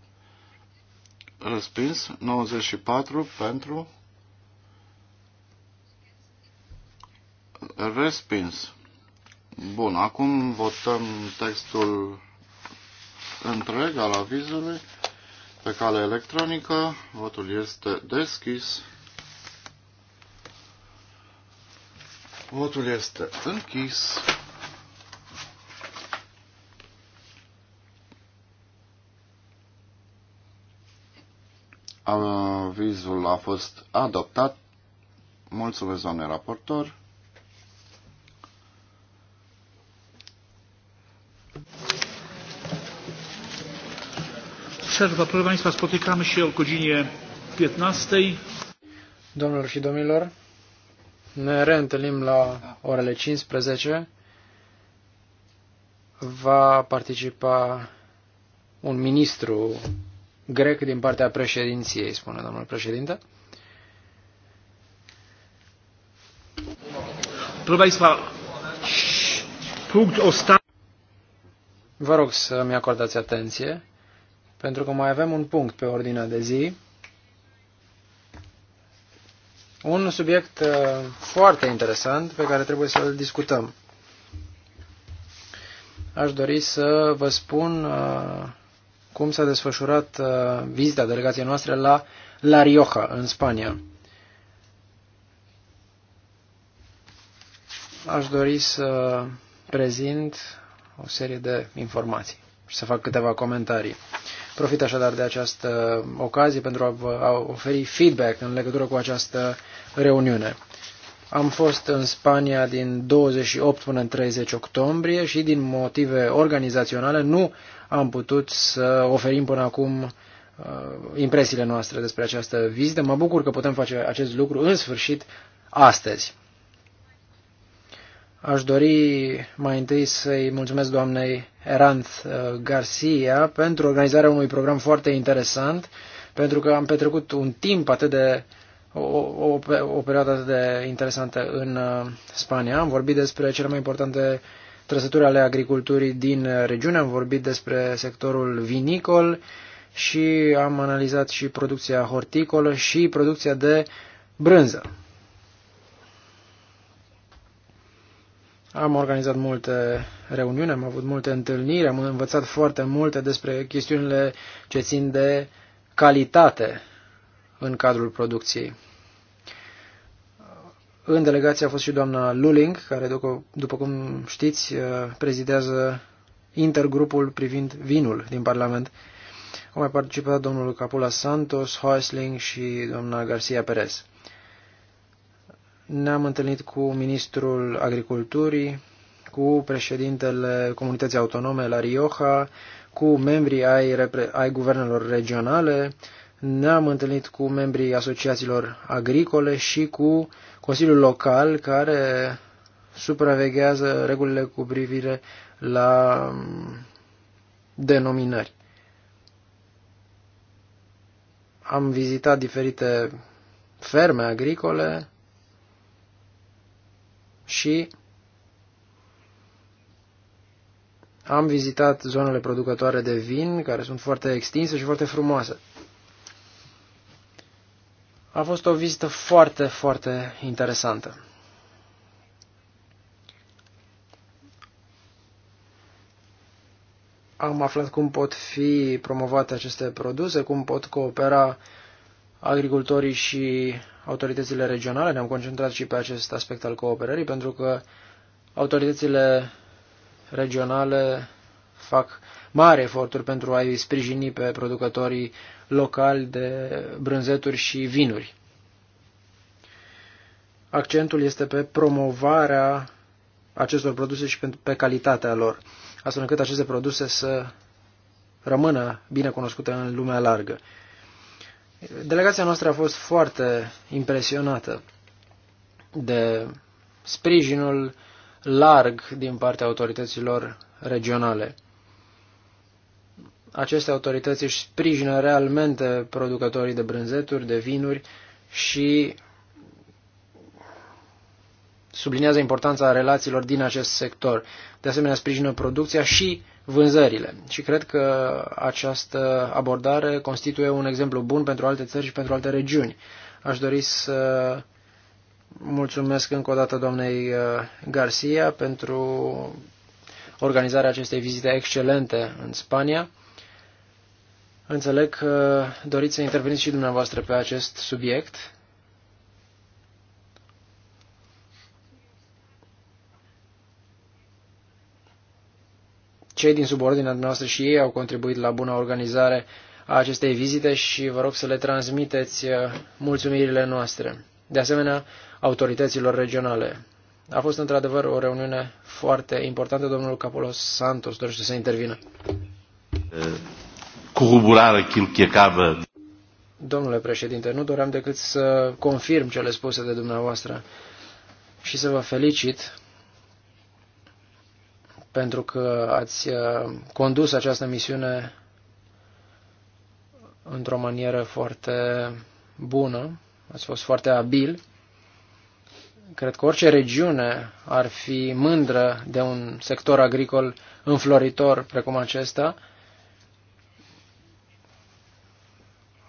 respins, 94 pentru, respins. Bun, acum votăm textul întreg al avizului pe cale electronică. Votul este deschis. Votul este închis. Avizul a fost adoptat. Mulțumesc, doamne raportor. Serva, Proszę Państwa, spotykamy się o godzinie 15. Domnilor și domnilor, ne reîntâlnim la orele 15. Va participa un ministru grec din partea președinției, spune domnul președinte. Vă rog să mi acordați atenție, pentru că mai avem un punct pe ordinea de zi. Un subiect uh, foarte interesant pe care trebuie să-l discutăm. Aș dori să vă spun uh, cum s-a desfășurat uh, vizita delegației noastre la La Rioja, în Spania. Aș dori să prezint o serie de informații și să fac câteva comentarii. Profit așadar de această ocazie pentru a vă oferi feedback în legătură cu această reuniune. Am fost în Spania din 28 până în 30 octombrie și din motive organizaționale nu am putut să oferim până acum uh, impresiile noastre despre această vizită. Mă bucur că putem face acest lucru în sfârșit astăzi. Aș dori mai întâi să-i mulțumesc doamnei Eranth uh, Garcia pentru organizarea unui program foarte interesant, pentru că am petrecut un timp atât de o, o, o perioadă atât de interesantă în uh, Spania. Am vorbit despre cele mai importante trăsături ale agriculturii din regiune, am vorbit despre sectorul vinicol și am analizat și producția horticolă și producția de brânză. Am organizat multe reuniuni, am avut multe întâlniri, am învățat foarte multe despre chestiunile ce țin de calitate în cadrul producției. În delegație a fost și doamna Luling, care, după cum știți, uh, prezidează intergrupul privind vinul din Parlament. Au mai participat domnul Capula Santos, Hoisling și doamna Garcia Perez. Ne-am întâlnit cu ministrul agriculturii, cu președintele comunității autonome la Rioja, cu membrii ai, ai guvernelor regionale, ne-am întâlnit cu membrii asociațiilor agricole și cu Consiliul Local care supraveghează regulile cu privire la mm, denominări. Am vizitat diferite ferme agricole și am vizitat zonele producătoare de vin, care sunt foarte extinse și foarte frumoase. A fost o vizită foarte, foarte interesantă. Am aflat cum pot fi promovate aceste produse, cum pot coopera agricultorii și autoritățile regionale, ne-am concentrat și pe acest aspect al cooperării, pentru că autoritățile regionale fac mari eforturi pentru a-i sprijini pe producătorii locali de brânzeturi și vinuri. Accentul este pe promovarea acestor produse și pe calitatea lor, astfel încât aceste produse să rămână bine cunoscute în lumea largă. Delegația noastră a fost foarte impresionată de sprijinul larg din partea autorităților regionale. Aceste autorități își sprijină realmente producătorii de brânzeturi, de vinuri și sublinează importanța relațiilor din acest sector. De asemenea, sprijină producția și vânzările. Și cred că această abordare constituie un exemplu bun pentru alte țări și pentru alte regiuni. Aș dori să mulțumesc încă o dată doamnei uh, Garcia pentru organizarea acestei vizite excelente în Spania. Înțeleg că doriți să interveniți și dumneavoastră pe acest subiect. cei din subordinea noastră și ei au contribuit la buna organizare a acestei vizite și vă rog să le transmiteți uh, mulțumirile noastre. De asemenea, autorităților regionale. A fost într-adevăr o reuniune foarte importantă. Domnul Capolos Santos dorește să intervină. Uh, acaba. Domnule președinte, nu doream decât să confirm cele spuse de dumneavoastră și să vă felicit pentru că ați uh, condus această misiune într-o manieră foarte bună, ați fost foarte abil. Cred că orice regiune ar fi mândră de un sector agricol înfloritor precum acesta.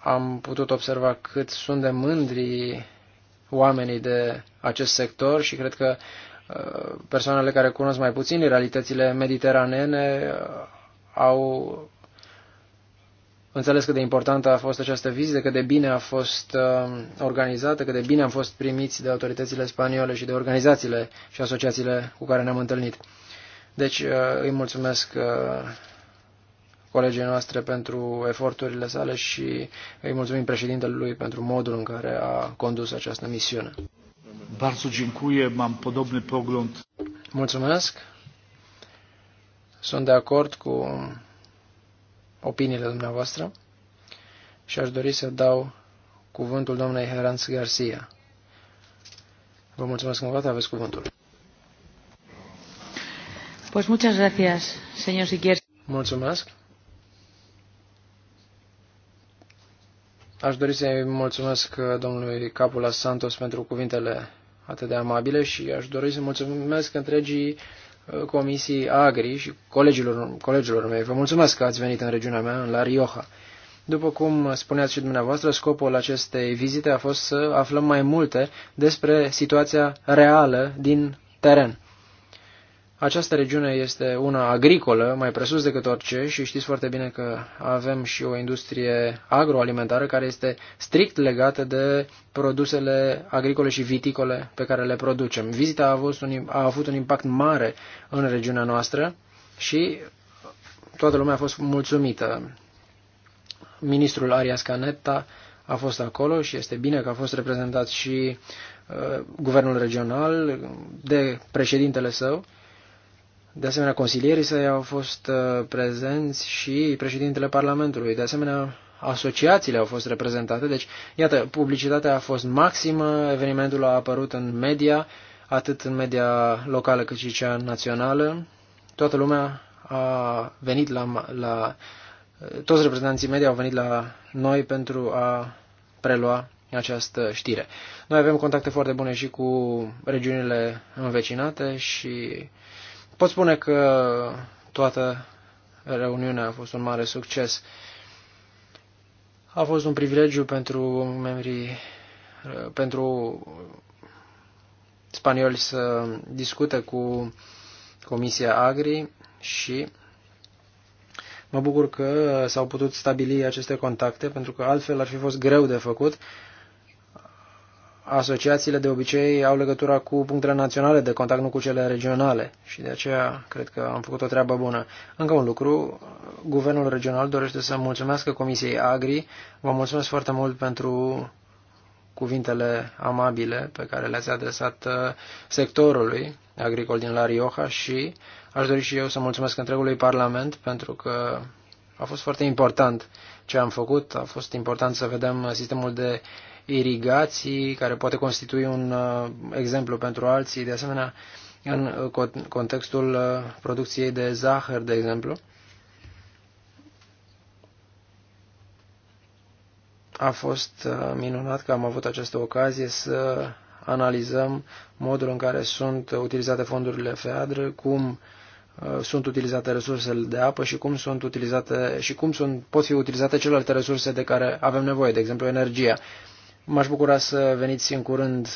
Am putut observa cât sunt de mândri oamenii de acest sector și cred că persoanele care cunosc mai puțin realitățile mediteraneene uh, au înțeles cât de importantă a fost această vizită, cât de bine a fost uh, organizată, cât de bine am fost primiți de autoritățile spaniole și de organizațiile și asociațiile cu care ne-am întâlnit. Deci uh, îi mulțumesc colegii noastre pentru eforturile sale și îi mulțumim președintelui pentru modul în care a condus această misiune. Bardzo dziękuję. Mam podobny pogląd. Mulțumesc. Sunt de acord cu opiniile dumneavoastră și aș dori să dau cuvântul domnului Heranz Garcia. Vă mulțumesc încă o dată, aveți cuvântul. Pues muchas gracias, señor Siquier. Mulțumesc. Aș dori să-i mulțumesc domnului Capula Santos pentru cuvintele atât de amabile și aș dori să mulțumesc întregii uh, comisii Agri și colegilor, colegilor mei. Vă mulțumesc că ați venit în regiunea mea, în La Rioja. După cum spuneați și dumneavoastră, scopul acestei vizite a fost să aflăm mai multe despre situația reală din teren. Această regiune este una agricolă, mai presus decât orice, și știți foarte bine că avem și o industrie agroalimentară care este strict legată de produsele agricole și viticole pe care le producem. Vizita a avut un, a avut un impact mare în regiunea noastră și toată lumea a fost mulțumită. Ministrul Arias Canetta a fost acolo și este bine că a fost reprezentat și uh, guvernul regional de președintele său de asemenea, consilierii săi au fost uh, prezenți și președintele Parlamentului. De asemenea, asociațiile au fost reprezentate. Deci, iată, publicitatea a fost maximă, evenimentul a apărut în media, atât în media locală cât și cea națională. Toată lumea a venit la, la uh, toți reprezentanții media au venit la noi pentru a prelua această știre. Noi avem contacte foarte bune și cu regiunile învecinate și Pot spune că toată reuniunea a fost un mare succes. A fost un privilegiu pentru membrii, pentru spanioli să discute cu Comisia Agri și mă bucur că s-au putut stabili aceste contacte, pentru că altfel ar fi fost greu de făcut asociațiile de obicei au legătura cu punctele naționale de contact, nu cu cele regionale și de aceea cred că am făcut o treabă bună. Încă un lucru, Guvernul Regional dorește să mulțumească Comisiei Agri. Vă mulțumesc foarte mult pentru cuvintele amabile pe care le-ați adresat uh, sectorului agricol din La Rioja și aș dori și eu să mulțumesc întregului Parlament pentru că a fost foarte important ce am făcut, a fost important să vedem uh, sistemul de irigații, care poate constitui un uh, exemplu pentru alții, de asemenea în uh, contextul uh, producției de zahăr, de exemplu. A fost minunat că am avut această ocazie să analizăm modul în care sunt utilizate fondurile FEADR, cum sunt utilizate resursele de apă și cum sunt utilizate și cum sunt, pot fi utilizate celelalte resurse de care avem nevoie, de exemplu energia. M-aș bucura să veniți în curând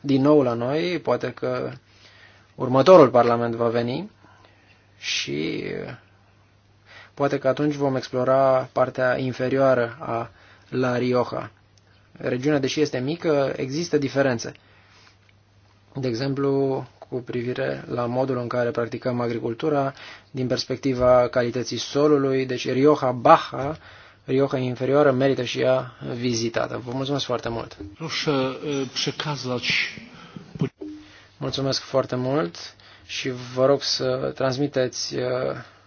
din nou la noi, poate că următorul Parlament va veni și uh, poate că atunci vom explora partea inferioară a La Rioja. Regiunea, deși este mică, există diferențe. De exemplu, cu privire la modul în care practicăm agricultura din perspectiva calității solului, deci Rioja Baja Rioja Inferioară merită și ea vizitată. Vă mulțumesc foarte mult! Mulțumesc foarte mult și vă rog să transmiteți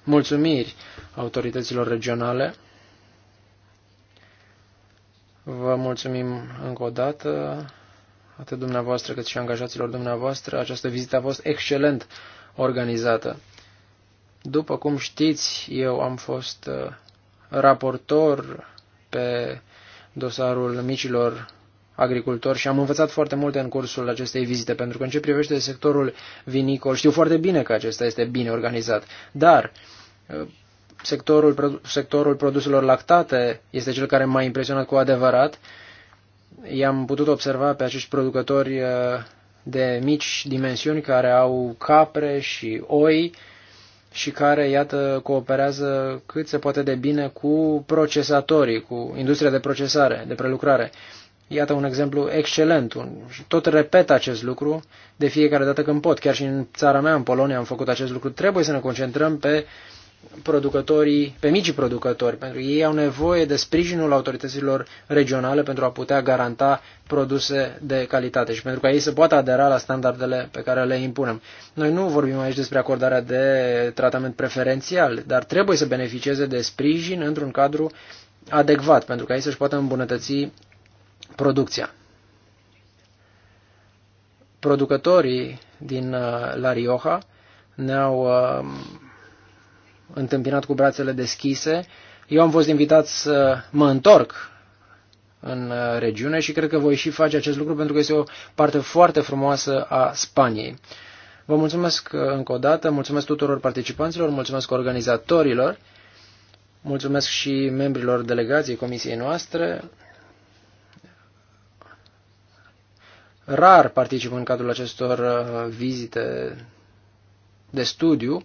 mulțumiri autorităților regionale. Vă mulțumim încă o dată, atât dumneavoastră cât și angajaților dumneavoastră. Această vizită a fost excelent organizată. După cum știți, eu am fost raportor pe dosarul micilor agricultori și am învățat foarte multe în cursul acestei vizite, pentru că în ce privește sectorul vinicol, știu foarte bine că acesta este bine organizat, dar uh, sectorul, sectorul produselor lactate este cel care m-a impresionat cu adevărat. I-am putut observa pe acești producători uh, de mici dimensiuni care au capre și oi și care, iată, cooperează cât se poate de bine cu procesatorii, cu industria de procesare, de prelucrare. Iată un exemplu excelent. Un, tot repet acest lucru de fiecare dată când pot. Chiar și în țara mea, în Polonia, am făcut acest lucru. Trebuie să ne concentrăm pe uh, producătorii, pe micii producători, pentru că ei au nevoie de sprijinul autorităților regionale pentru a putea garanta produse de calitate și pentru ca ei să poată adera la standardele pe care le impunem. Noi nu vorbim aici despre acordarea de tratament preferențial, dar trebuie să beneficieze de sprijin într-un cadru adecvat, pentru ca ei să-și poată îmbunătăți producția. Producătorii din uh, La Rioja ne-au uh, întâmpinat cu brațele deschise. Eu am fost invitat să mă întorc în uh, regiune și cred că voi și face acest lucru pentru că este o parte foarte frumoasă a Spaniei. Vă mulțumesc uh, încă o dată, mulțumesc tuturor participanților, mulțumesc organizatorilor, mulțumesc și membrilor delegației comisiei noastre. Rar particip în cadrul acestor uh, vizite de studiu,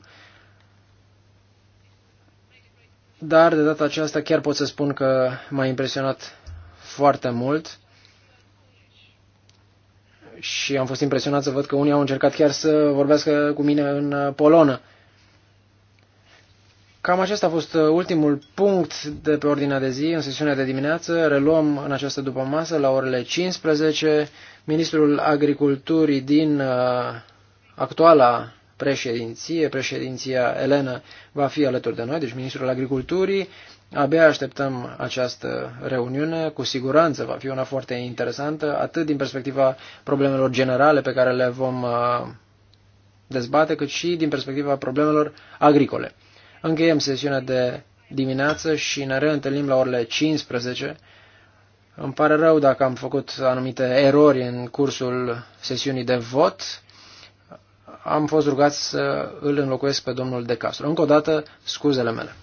dar de data aceasta chiar pot să spun că m-a impresionat foarte mult și am fost impresionat să văd că unii au încercat chiar să vorbească cu mine în uh, polonă. Cam acesta a fost uh, ultimul punct de pe ordinea de zi în sesiunea de dimineață. Reluăm în această masă la orele 15. Ministrul Agriculturii din uh, actuala președinție. Președinția Elena va fi alături de noi, deci ministrul agriculturii. Abia așteptăm această reuniune. Cu siguranță va fi una foarte interesantă, atât din perspectiva problemelor generale pe care le vom uh, dezbate, cât și din perspectiva problemelor agricole. Încheiem sesiunea de dimineață și ne reîntâlnim la orele 15. Îmi pare rău dacă am făcut anumite erori în cursul sesiunii de vot am fost rugat să îl înlocuiesc pe domnul De Castro. Încă o dată, scuzele mele.